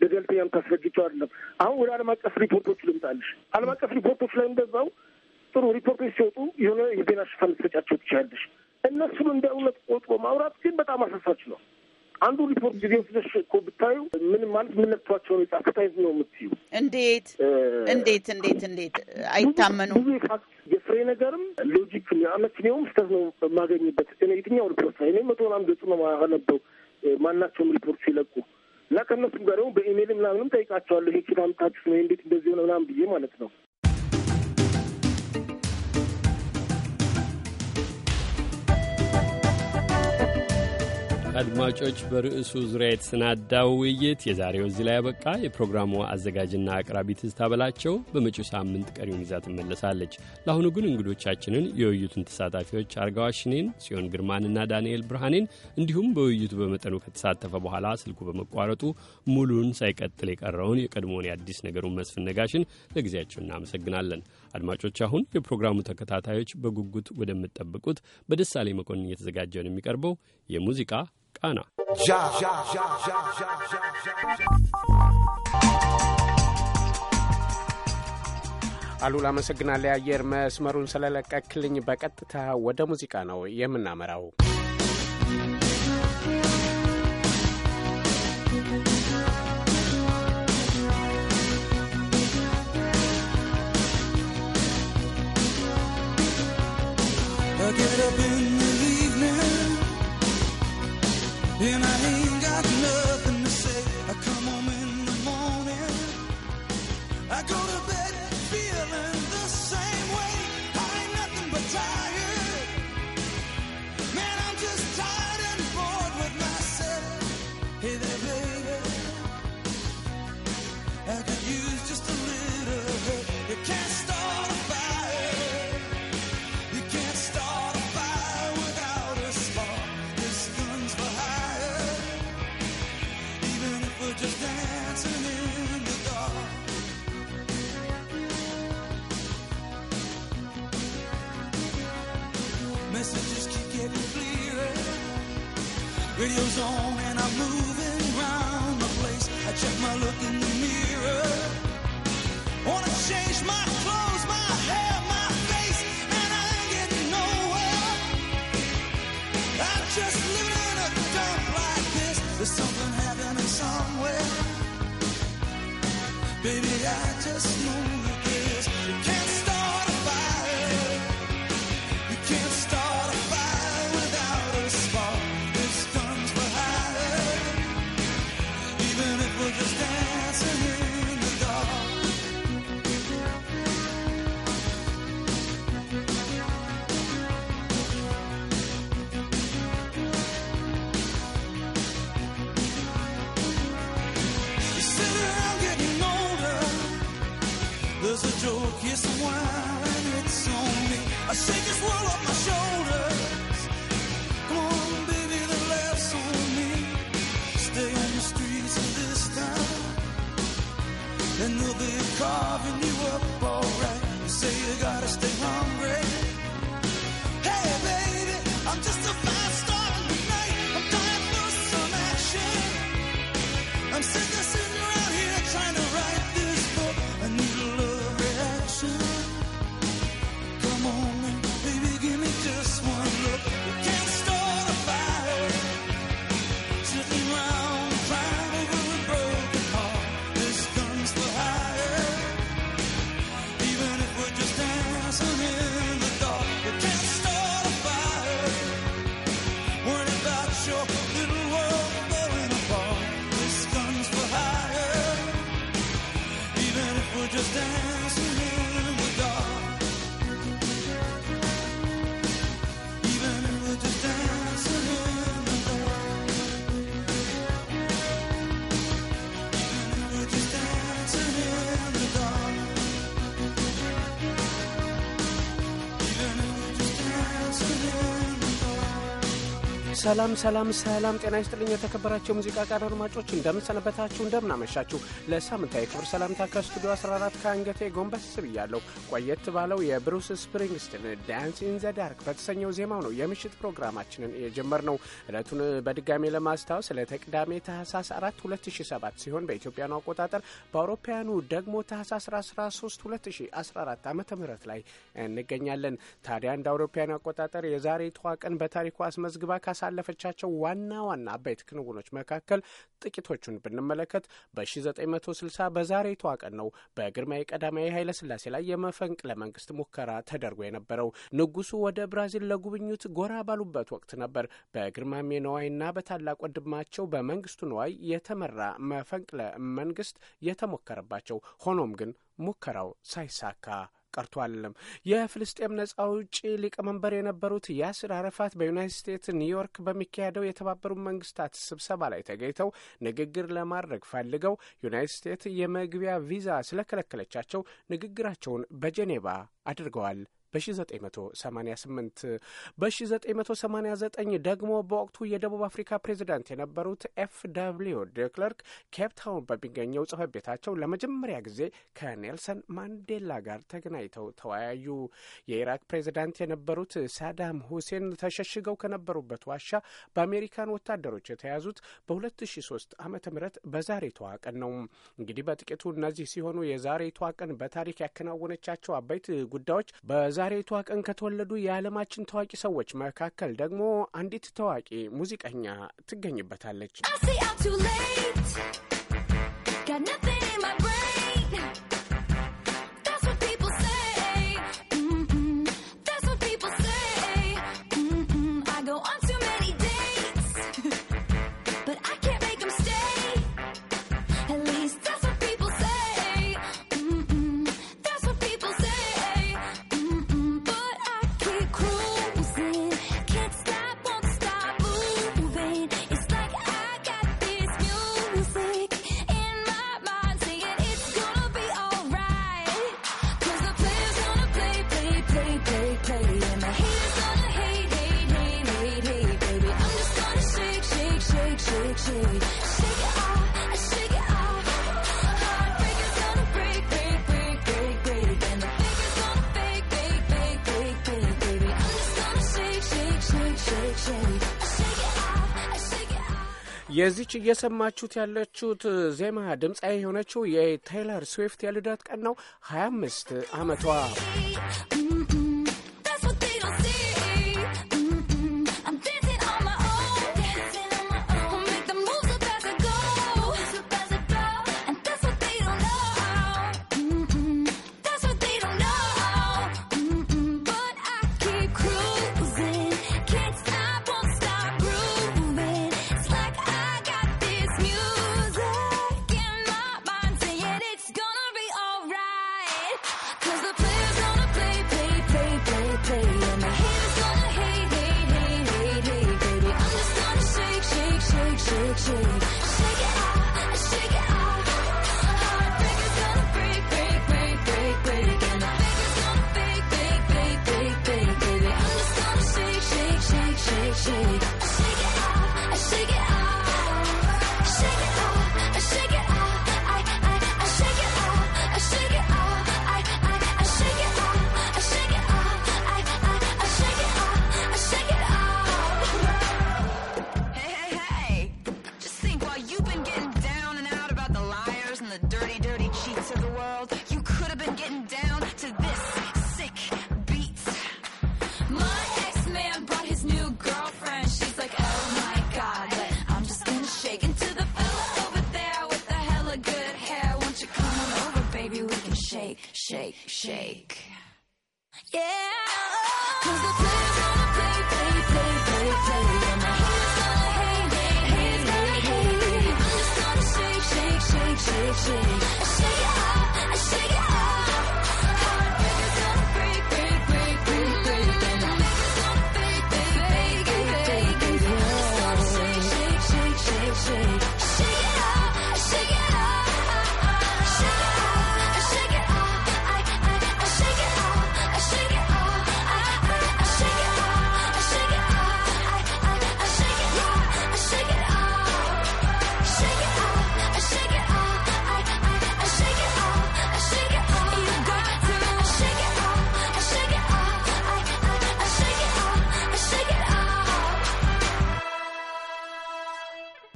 ለገለልተኛ የምታስረግጨው አይደለም። አሁን ወደ ዓለም አቀፍ ሪፖርቶች ልምጣልሽ። ዓለም አቀፍ ሪፖርቶች ላይ እንደዛው ጥሩ ሪፖርቶች ሲወጡ የሆነ የዜና ሽፋን ልትሰጫቸው ትችላለሽ። እነሱን እንደ እውነት ቆጥሮ ማውራት ግን በጣም አሳሳች ነው። አንዱ ሪፖርት ጊዜ ስለሽ እኮ ብታዩ ምን ማለት ምን ነክቷቸው ነው የጻፍታይዝ ነው የምትዩ? እንዴት እንዴት እንዴት እንዴት አይታመኑ ብዙ የፋክት የፍሬ ነገርም ሎጂክ አመክንዮም ስህተት ነው የማገኝበት የትኛው ሪፖርት ነው እኔ መቶ ምናምን ገጹ ነው ማነበው ማናቸውም ሪፖርት ሲለቁ እና ከእነሱም ጋር ደግሞ በኢሜይል ምናምንም ጠይቃቸዋለሁ ይሄ ኪታምታችሁ ነው እንዴት እንደዚህ ሆነ ምናምን ብዬ ማለት ነው አድማጮች በርዕሱ ዙሪያ የተሰናዳው ውይይት የዛሬው እዚህ ላይ ያበቃ። የፕሮግራሙ አዘጋጅና አቅራቢ ትዝታ በላቸው በመጪው ሳምንት ቀሪውን ይዛ ትመለሳለች። ለአሁኑ ግን እንግዶቻችንን የውይይቱን ተሳታፊዎች አርጋዋሽኔን፣ ጽዮን ግርማንና ዳንኤል ብርሃኔን እንዲሁም በውይይቱ በመጠኑ ከተሳተፈ በኋላ ስልኩ በመቋረጡ ሙሉን ሳይቀጥል የቀረውን የቀድሞውን የአዲስ ነገሩን መስፍን ነጋሽን ለጊዜያቸው እናመሰግናለን። አድማጮች አሁን የፕሮግራሙ ተከታታዮች በጉጉት ወደምጠብቁት በደሳሌ መኮንን እየተዘጋጀውን የሚቀርበው የሙዚቃ ቃና አሉላ፣ አመሰግናለሁ የአየር መስመሩን ስለለቀክልኝ። በቀጥታ ወደ ሙዚቃ ነው የምናመራው። Get And I Radio's on and I'm moving round the place. I check my look in the mirror. Wanna change my clothes, my hair, my face, and I ain't getting nowhere. I'm just living in a dump like this. There's something happening somewhere. Baby, I just know. kiss of wine, it's on me. I shake this world off my shoulders. Come on, baby, the laughs on me. Stay on the streets of this town, and they'll be carving you up alright. You say you gotta stay. just ሰላም ሰላም ሰላም፣ ጤና ይስጥልኝ የተከበራቸው የሙዚቃ ቃና አድማጮች፣ እንደምንሰነበታችሁ፣ እንደምናመሻችሁ። ለሳምንታዊ ክብር ሰላምታ ከስቱዲዮ 14 ከአንገቴ ጎንበስ ብያለሁ። ቆየት ባለው የብሩስ ስፕሪንግስትን ዳንስ ኢን ዘ ዳርክ በተሰኘው ዜማው ነው የምሽት ፕሮግራማችንን የጀመርነው። እለቱን በድጋሜ ለማስታወስ ለተቅዳሜ ታህሳስ 4 2007 ሲሆን በኢትዮጵያኑ አቆጣጠር በአውሮፓውያኑ ደግሞ ታህሳስ 13 2014 ዓ ም ላይ እንገኛለን። ታዲያ እንደ አውሮፓውያኑ አቆጣጠር የዛሬ ተዋቀን በታሪኩ አስመዝግባ ካሳለ ካሳለፈቻቸው ዋና ዋና አበይት ክንውኖች መካከል ጥቂቶቹን ብንመለከት በ1960 በዛሬቷ ቀን ነው በግርማዊ ቀዳማዊ ኃይለ ስላሴ ላይ የመፈንቅለ መንግስት ሙከራ ተደርጎ የነበረው። ንጉሱ ወደ ብራዚል ለጉብኝት ጎራ ባሉበት ወቅት ነበር በግርማሜ ነዋይና በታላቅ ወንድማቸው በመንግስቱ ነዋይ የተመራ መፈንቅለ መንግስት የተሞከረባቸው። ሆኖም ግን ሙከራው ሳይሳካ ቀርቷል የፍልስጤም ነጻ አውጪ ሊቀመንበር የነበሩት ያሲር አረፋት በዩናይትድ ስቴትስ ኒውዮርክ በሚካሄደው የተባበሩት መንግስታት ስብሰባ ላይ ተገኝተው ንግግር ለማድረግ ፈልገው ዩናይትድ ስቴትስ የመግቢያ ቪዛ ስለከለከለቻቸው ንግግራቸውን በጀኔባ አድርገዋል። በ1988 በ1989 ደግሞ በወቅቱ የደቡብ አፍሪካ ፕሬዚዳንት የነበሩት ኤፍ ደብልዩ ደክለርክ ኬፕታውን በሚገኘው ጽህፈት ቤታቸው ለመጀመሪያ ጊዜ ከኔልሰን ማንዴላ ጋር ተገናኝተው ተወያዩ። የኢራቅ ፕሬዚዳንት የነበሩት ሳዳም ሁሴን ተሸሽገው ከነበሩበት ዋሻ በአሜሪካን ወታደሮች የተያዙት በ2003 ዓ ም በዛሬ ተዋቀን ነው። እንግዲህ በጥቂቱ እነዚህ ሲሆኑ የዛሬ ተዋቀን በታሪክ ያከናወነቻቸው አበይት ጉዳዮች በ በዛሬቷ ቀን ከተወለዱ የዓለማችን ታዋቂ ሰዎች መካከል ደግሞ አንዲት ታዋቂ ሙዚቀኛ ትገኝበታለች። የዚች እየሰማችሁት ያለችሁት ዜማ ድምፃዊ የሆነችው የታይለር ስዊፍት የልደት ቀን ነው። 25 ዓመቷ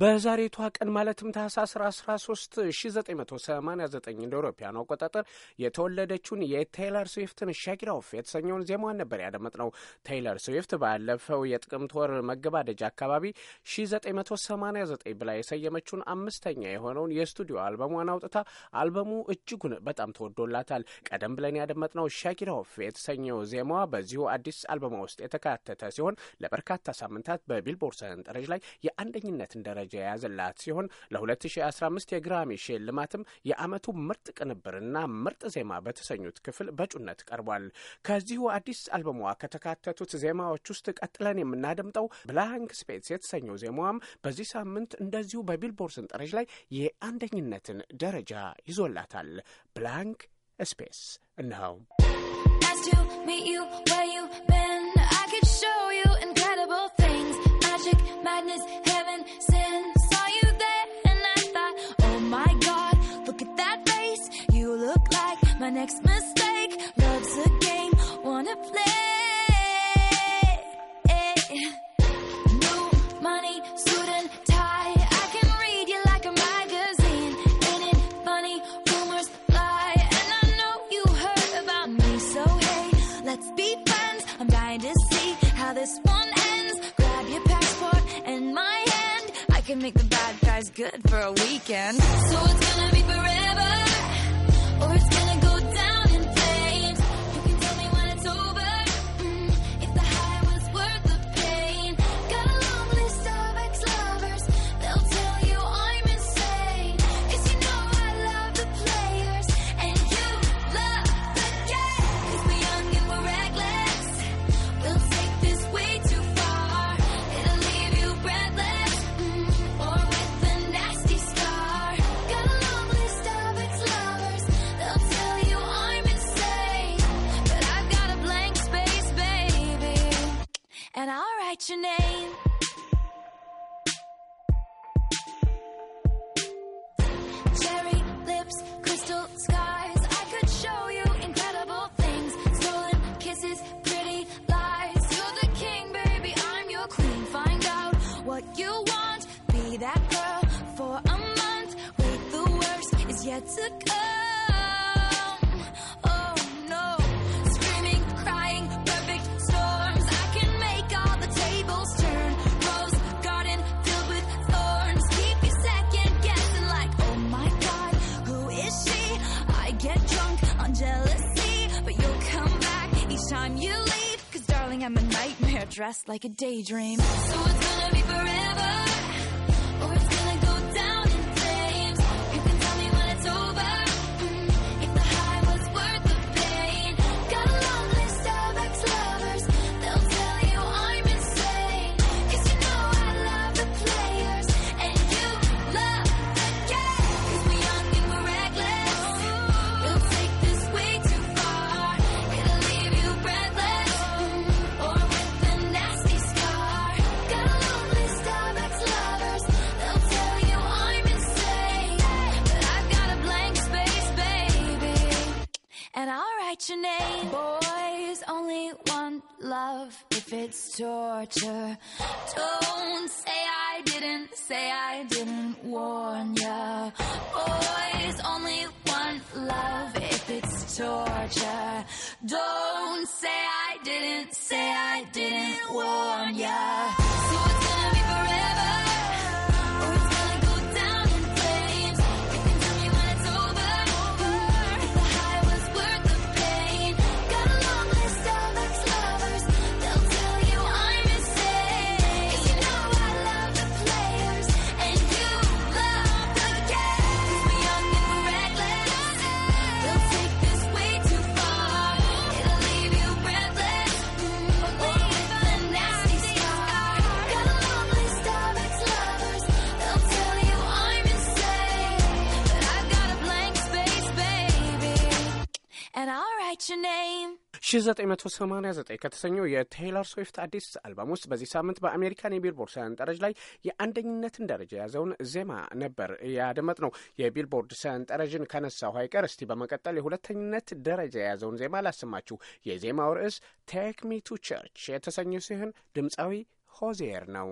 በዛሬቷ ቀን ማለትም ታህሳስ 13 1989 እንደ አውሮፓውያኑ አቆጣጠር የተወለደችውን የቴይለር ስዊፍትን ሻኪራ ኦፍ የተሰኘውን ዜማዋን ነበር ያደመጥነው። ቴይለር ስዊፍት ባለፈው የጥቅምት ወር መገባደጃ አካባቢ 1989 ብላ የሰየመችውን አምስተኛ የሆነውን የስቱዲዮ አልበሟን አውጥታ አልበሙ እጅጉን በጣም ተወዶላታል። ቀደም ብለን ያደመጥነው ሻኪራ ኦፍ የተሰኘው ዜማዋ በዚሁ አዲስ አልበሟ ውስጥ የተካተተ ሲሆን ለበርካታ ሳምንታት በቢልቦርድ ሰንጠረዥ ላይ የአንደኝነትን ደረጃ ደረጃ የያዘላት ሲሆን ለ2015 የግራሚ ሽልማትም የአመቱ ምርጥ ቅንብርና ምርጥ ዜማ በተሰኙት ክፍል በእጩነት ቀርቧል። ከዚሁ አዲስ አልበሟ ከተካተቱት ዜማዎች ውስጥ ቀጥለን የምናደምጠው ብላንክ ስፔስ የተሰኘው ዜማዋም በዚህ ሳምንት እንደዚሁ በቢልቦርድ ሰንጠረዥ ላይ የአንደኝነትን ደረጃ ይዞላታል። ብላንክ ስፔስ እነኸው። Madness, heaven. my next mistake. Love's a game, wanna play. New money, suit and tie. I can read you like a magazine. Ain't it funny? Rumors fly, and I know you heard about me. So hey, let's be friends. I'm dying to see how this one ends. Grab your passport and my hand. I can make the bad guys good for a weekend. So it's gonna be. fast like a daydream. So warn ya. boys only one love if it's torture. Don't say 1989 ከተሰኘው የቴይለር ስዊፍት አዲስ አልበም ውስጥ በዚህ ሳምንት በአሜሪካን የቢልቦርድ ሰንጠረዥ ላይ የአንደኝነትን ደረጃ የያዘውን ዜማ ነበር ያደመጥ ነው። የቢልቦርድ ሰንጠረዥን ከነሳው አይቀር እስቲ በመቀጠል የሁለተኝነት ደረጃ የያዘውን ዜማ ላሰማችሁ። የዜማው ርዕስ ቴክ ሚ ቱ ቸርች የተሰኘ ሲሆን ድምፃዊ ሆዜር ነው።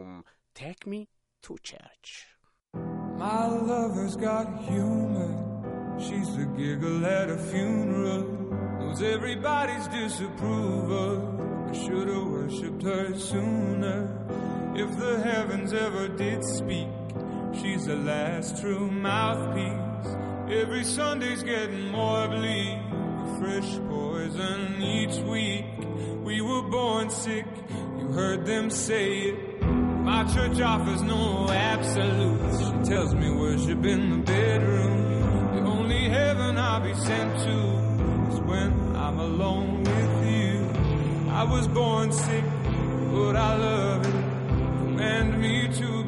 ቴክ ሚ ቱ ቸርች My lover's got humor. She's a giggle at a funeral. knows everybody's disapproval. I should have worshipped her sooner. If the heavens ever did speak, she's the last true mouthpiece. Every Sunday's getting more bleak, fresh poison each week. We were born sick, you heard them say it. My church offers no absolutes. She tells me worship in the bedroom. The only heaven I'll be sent to times when I'm alone with you. I was born sick, but I love it. Command me to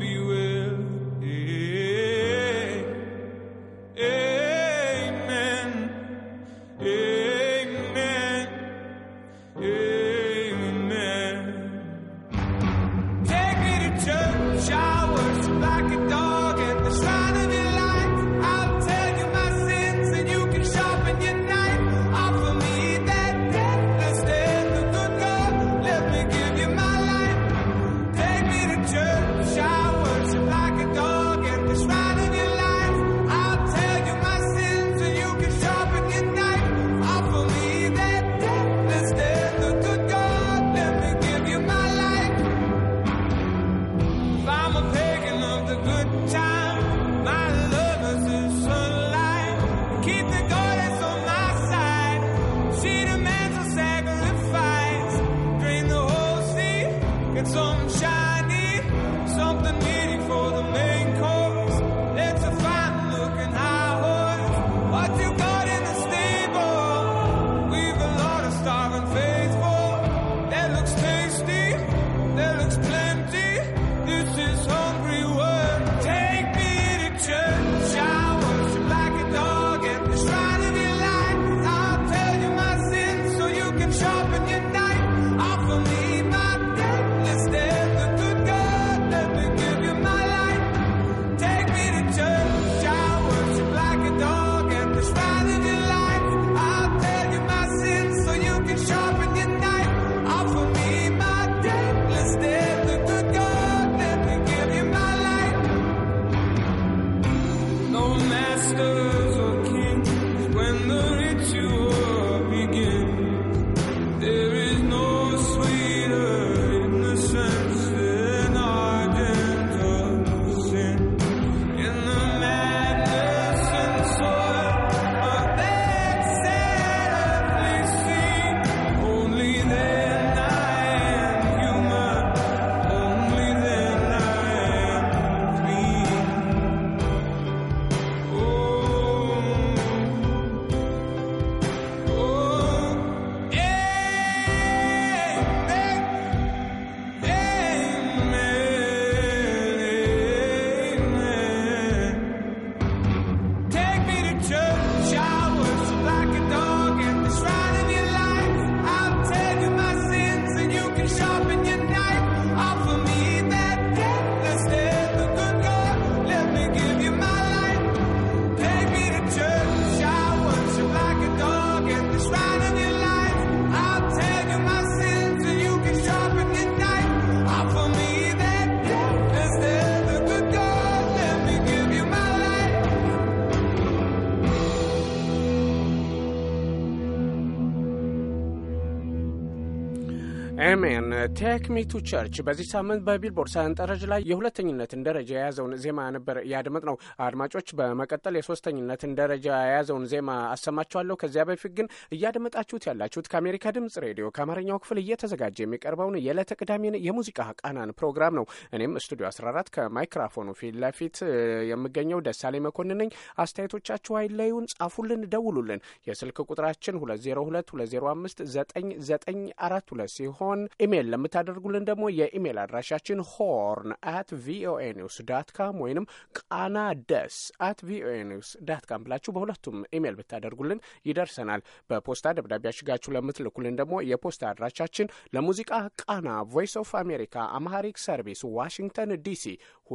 ቴክሚቱ ቸርች በዚህ ሳምንት በቢልቦርድ ሰንጠረዥ ላይ የሁለተኝነትን ደረጃ የያዘውን ዜማ ነበር ያድመጥ ነው። አድማጮች፣ በመቀጠል የሶስተኝነትን ደረጃ የያዘውን ዜማ አሰማችኋለሁ። ከዚያ በፊት ግን እያደመጣችሁት ያላችሁት ከአሜሪካ ድምጽ ሬዲዮ ከአማርኛው ክፍል እየተዘጋጀ የሚቀርበውን የዕለተ ቅዳሜን የሙዚቃ ቃናን ፕሮግራም ነው። እኔም ስቱዲዮ 14 ከማይክራፎኑ ፊት ለፊት የምገኘው ደሳሌ መኮንን ነኝ። አስተያየቶቻችሁ አይለዩን፣ ጻፉልን፣ ደውሉልን። የስልክ ቁጥራችን 2022059942 ሲሆን ኢሜል ለምታደርጉልን ደግሞ የኢሜይል አድራሻችን ሆርን አት ቪኦኤ ኒውስ ዳት ካም ወይንም ቃና ደስ አት ቪኦኤ ኒውስ ዳት ካም ብላችሁ በሁለቱም ኢሜይል ብታደርጉልን ይደርሰናል። በፖስታ ደብዳቤ አሽጋችሁ ለምትልኩልን ደግሞ የፖስታ አድራሻችን ለሙዚቃ ቃና ቮይስ ኦፍ አሜሪካ አማሃሪክ ሰርቪስ ዋሽንግተን ዲሲ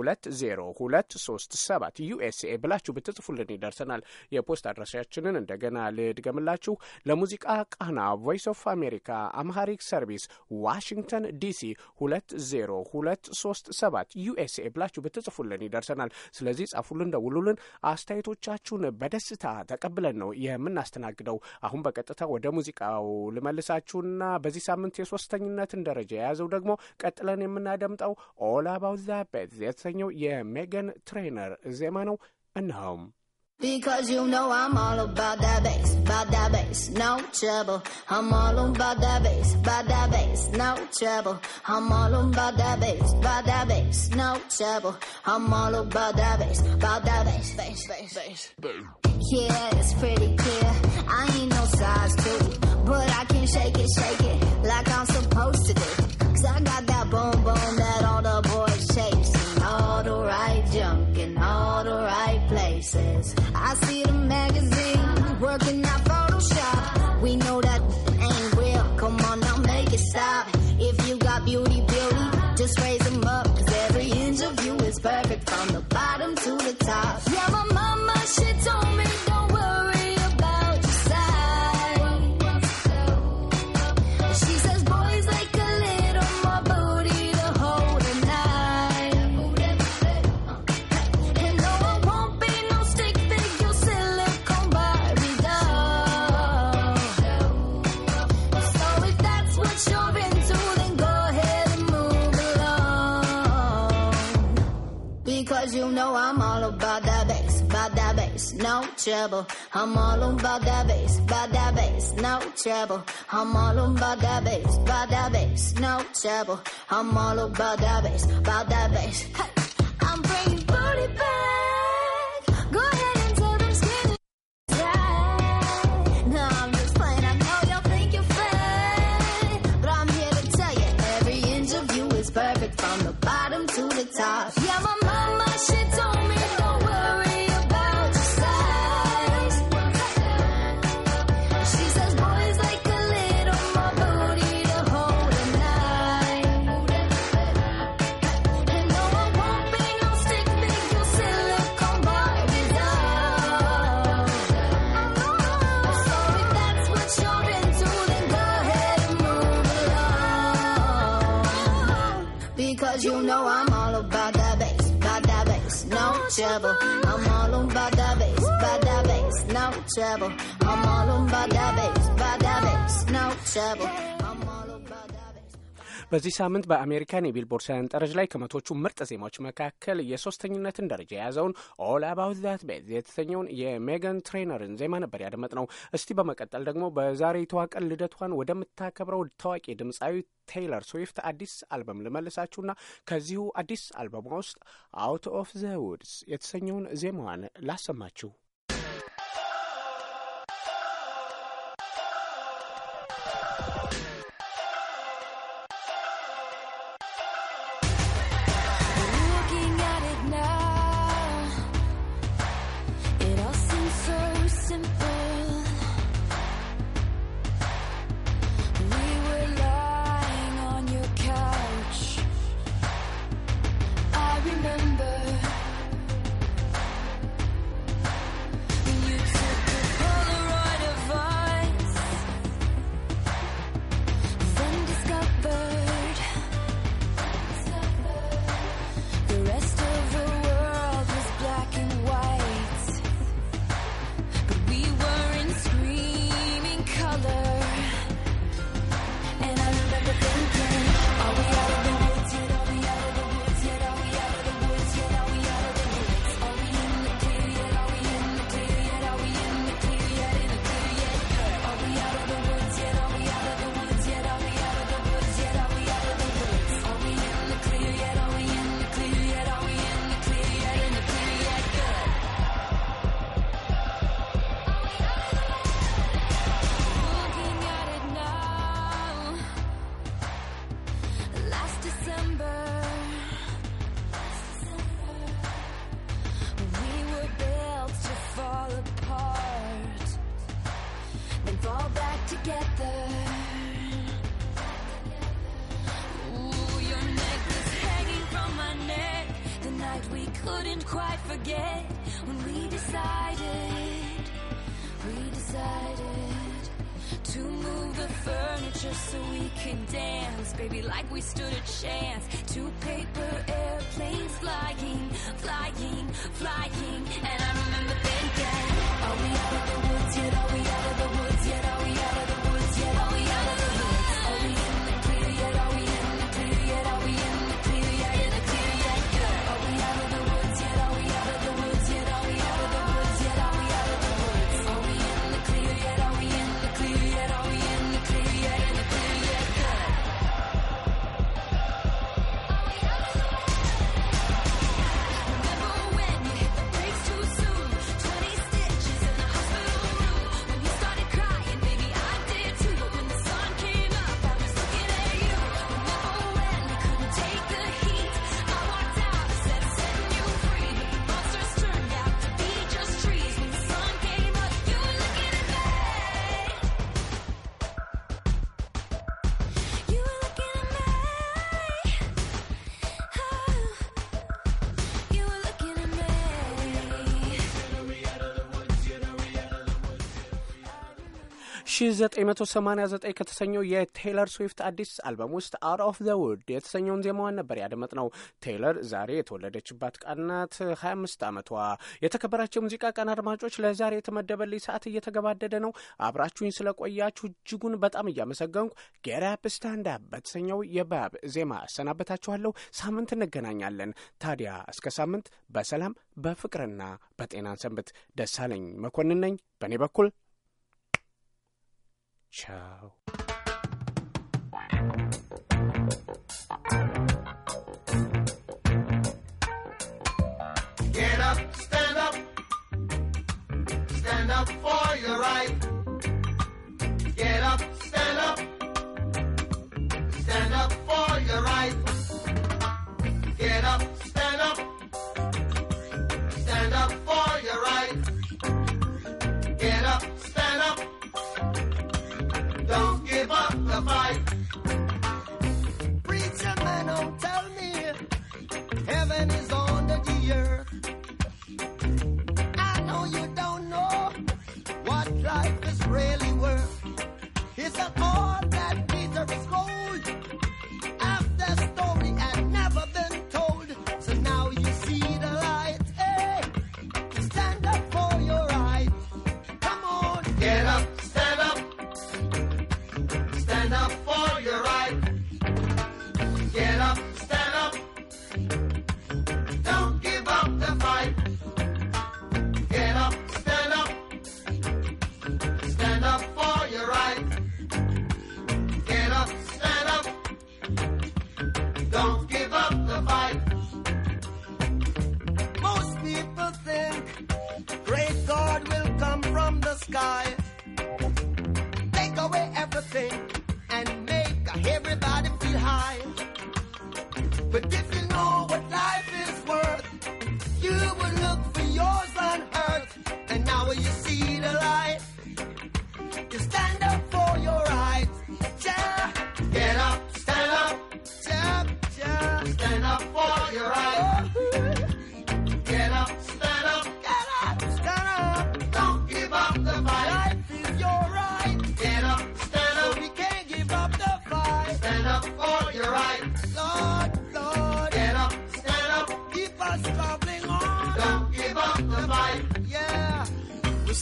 20237 ዩኤስኤ ብላችሁ ብትጽፉልን ይደርሰናል። የፖስት አድራሻችንን እንደገና ልድገምላችሁ። ለሙዚቃ ቃና ቮይስ ኦፍ አሜሪካ አምሃሪክ ሰርቪስ ዋሽንግተን ዲሲ 20237 ዩኤስኤ ብላችሁ ብትጽፉልን ይደርሰናል። ስለዚህ ጻፉልን፣ ደውሉልን። አስተያየቶቻችሁን በደስታ ተቀብለን ነው የምናስተናግደው። አሁን በቀጥታ ወደ ሙዚቃው ልመልሳችሁና በዚህ ሳምንት የሶስተኝነትን ደረጃ የያዘው ደግሞ ቀጥለን የምናደምጠው ኦላ ባውዛ ዛት የተሰኘው የሜገን ትሬነር ዜማ ነው። እነሆም Because you know I'm all about that bass, about that bass, no trouble. I'm all about that bass, about that bass, no trouble. I'm all about that bass, about that bass, no trouble. I'm all about that bass, about that bass, bass, bass, bass. Yeah, it's pretty clear. I ain't no size two, but I can shake it, shake it like I'm supposed to do. Cause I got that. faces. I see the magazine working out Photoshop. We know that ain't real. Come on now, make it stop. If you got beauty, beauty, just raise them up. Cause every inch of you is perfect from the bottom to the top. Yeah, my mama, she told me. trouble. I'm all about that bass, about that bass, no trouble. I'm all about that bass, about that bass, no trouble. I'm all about that bass, about that bass. Hey, I'm bringing booty back. trouble. I'm all on by that bass, by that bass, no trouble. I'm all on by that bass, by that bass, no trouble. በዚህ ሳምንት በአሜሪካን የቢልቦርድ ሰንጠረዥ ላይ ከመቶቹ ምርጥ ዜማዎች መካከል የሶስተኝነትን ደረጃ የያዘውን ኦል አባውት ዛት ቤዝ የተሰኘውን የሜገን ትሬነርን ዜማ ነበር ያደመጥነው። እስቲ በመቀጠል ደግሞ በዛሬ ቀን ልደቷን ወደምታከብረው ታዋቂ ድምፃዊ ቴይለር ስዊፍት አዲስ አልበም ልመልሳችሁና ከዚሁ አዲስ አልበሟ ውስጥ አውት ኦፍ ዘ ውድስ የተሰኘውን ዜማዋን ላሰማችሁ። 1989 ከተሰኘው የቴይለር ስዊፍት አዲስ አልበም ውስጥ አውት ኦፍ ዘ ውድ የተሰኘውን ዜማዋን ነበር ያደመጥ ነው። ቴይለር ዛሬ የተወለደችባት ቀን ናት፣ 25 ዓመቷ። የተከበራቸው የሙዚቃ ቀን አድማጮች፣ ለዛሬ የተመደበልኝ ሰዓት እየተገባደደ ነው። አብራችሁኝ ስለቆያችሁ እጅጉን በጣም እያመሰገንኩ ጌት ስታንዳ በተሰኘው የባብ ዜማ አሰናበታችኋለሁ። ሳምንት እንገናኛለን። ታዲያ እስከ ሳምንት በሰላም በፍቅርና በጤናን ሰንብት። ደሳለኝ መኮንን ነኝ በእኔ በኩል Ciao. Get up, stand up, stand up for your right. Get up,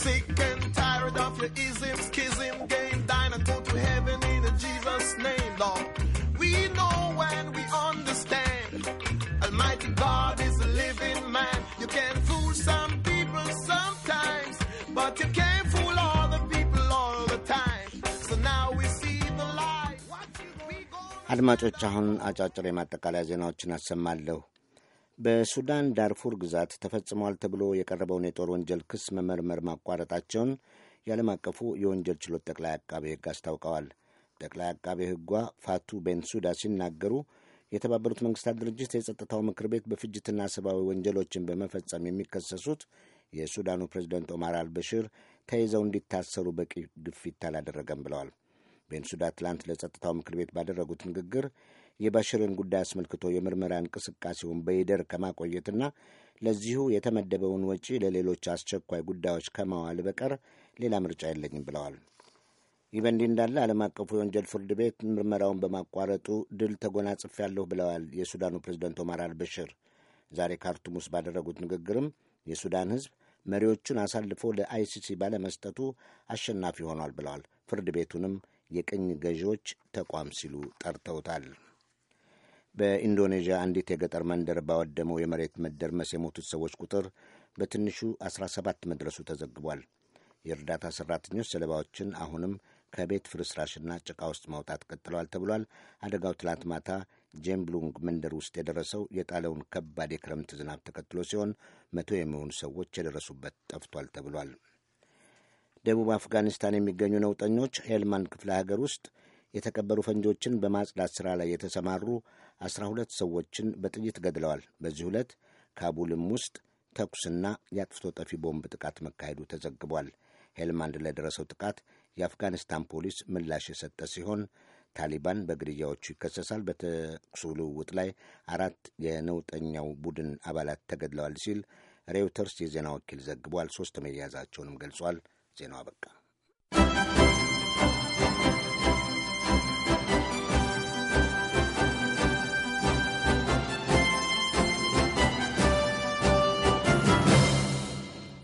Sick and tired of your ism, schism game. Dine and go to heaven in Jesus' name, Lord. We know we understand. Almighty God is a living man. You can fool some people sometimes, but you can't አድማጮች አሁን አጫጭር የማጠቃለያ ዜናዎችን አሰማለሁ። በሱዳን ዳርፉር ግዛት ተፈጽሟል ተብሎ የቀረበውን የጦር ወንጀል ክስ መመርመር ማቋረጣቸውን የዓለም አቀፉ የወንጀል ችሎት ጠቅላይ አቃቤ ሕግ አስታውቀዋል። ጠቅላይ አቃቤ ሕጓ ፋቱ ቤንሱዳ ሲናገሩ የተባበሩት መንግስታት ድርጅት የጸጥታው ምክር ቤት በፍጅትና ሰብአዊ ወንጀሎችን በመፈጸም የሚከሰሱት የሱዳኑ ፕሬዝደንት ኦማር አልበሽር ተይዘው እንዲታሰሩ በቂ ግፊት አላደረገም ብለዋል። ቤንሱዳ ትላንት ለጸጥታው ምክር ቤት ባደረጉት ንግግር የባሽርን ጉዳይ አስመልክቶ የምርመራ እንቅስቃሴውን በይደር ከማቆየትና ለዚሁ የተመደበውን ወጪ ለሌሎች አስቸኳይ ጉዳዮች ከማዋል በቀር ሌላ ምርጫ የለኝም ብለዋል። ይህ በእንዲህ እንዳለ ዓለም አቀፉ የወንጀል ፍርድ ቤት ምርመራውን በማቋረጡ ድል ተጎናጽፌያለሁ ብለዋል የሱዳኑ ፕሬዝደንት ኦማር አልበሽር ዛሬ ካርቱም ውስጥ ባደረጉት ንግግርም የሱዳን ሕዝብ መሪዎቹን አሳልፎ ለአይሲሲ ባለመስጠቱ አሸናፊ ሆኗል ብለዋል። ፍርድ ቤቱንም የቅኝ ገዢዎች ተቋም ሲሉ ጠርተውታል። በኢንዶኔዥያ አንዲት የገጠር መንደር ባወደመው የመሬት መደርመስ የሞቱት ሰዎች ቁጥር በትንሹ 17 መድረሱ ተዘግቧል። የእርዳታ ሠራተኞች ሰለባዎችን አሁንም ከቤት ፍርስራሽና ጭቃ ውስጥ ማውጣት ቀጥለዋል ተብሏል። አደጋው ትላንት ማታ ጄምብሉንግ መንደር ውስጥ የደረሰው የጣለውን ከባድ የክረምት ዝናብ ተከትሎ ሲሆን መቶ የሚሆኑ ሰዎች የደረሱበት ጠፍቷል ተብሏል። ደቡብ አፍጋኒስታን የሚገኙ ነውጠኞች ሄልማንድ ክፍለ ሀገር ውስጥ የተቀበሩ ፈንጂዎችን በማጽዳት ሥራ ላይ የተሰማሩ አስራ ሁለት ሰዎችን በጥይት ገድለዋል። በዚህ ዕለት ካቡልም ውስጥ ተኩስና የአጥፍቶ ጠፊ ቦምብ ጥቃት መካሄዱ ተዘግቧል። ሄልማንድ ለደረሰው ጥቃት የአፍጋኒስታን ፖሊስ ምላሽ የሰጠ ሲሆን ታሊባን በግድያዎቹ ይከሰሳል፣ በተኩሱ ልውውጥ ላይ አራት የነውጠኛው ቡድን አባላት ተገድለዋል ሲል ሬውተርስ የዜና ወኪል ዘግቧል። ሶስት መያዛቸውንም ገልጿል። ዜናው አበቃ።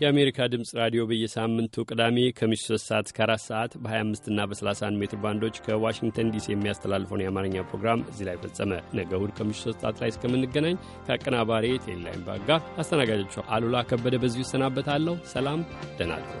የአሜሪካ ድምፅ ራዲዮ በየሳምንቱ ቅዳሜ ከምሽቱ 3 ሰዓት እስከ 4 ሰዓት በ25 እና በ31 ሜትር ባንዶች ከዋሽንግተን ዲሲ የሚያስተላልፈውን የአማርኛ ፕሮግራም እዚህ ላይ ፈጸመ። ነገ እሁድ ከምሽቱ 3 ሰዓት ላይ እስከምንገናኝ ከአቀናባሪ ቴሌላይን ባጋ አስተናጋጃችሁ አሉላ ከበደ በዚሁ ይሰናበታለሁ። ሰላም ደናለሁ።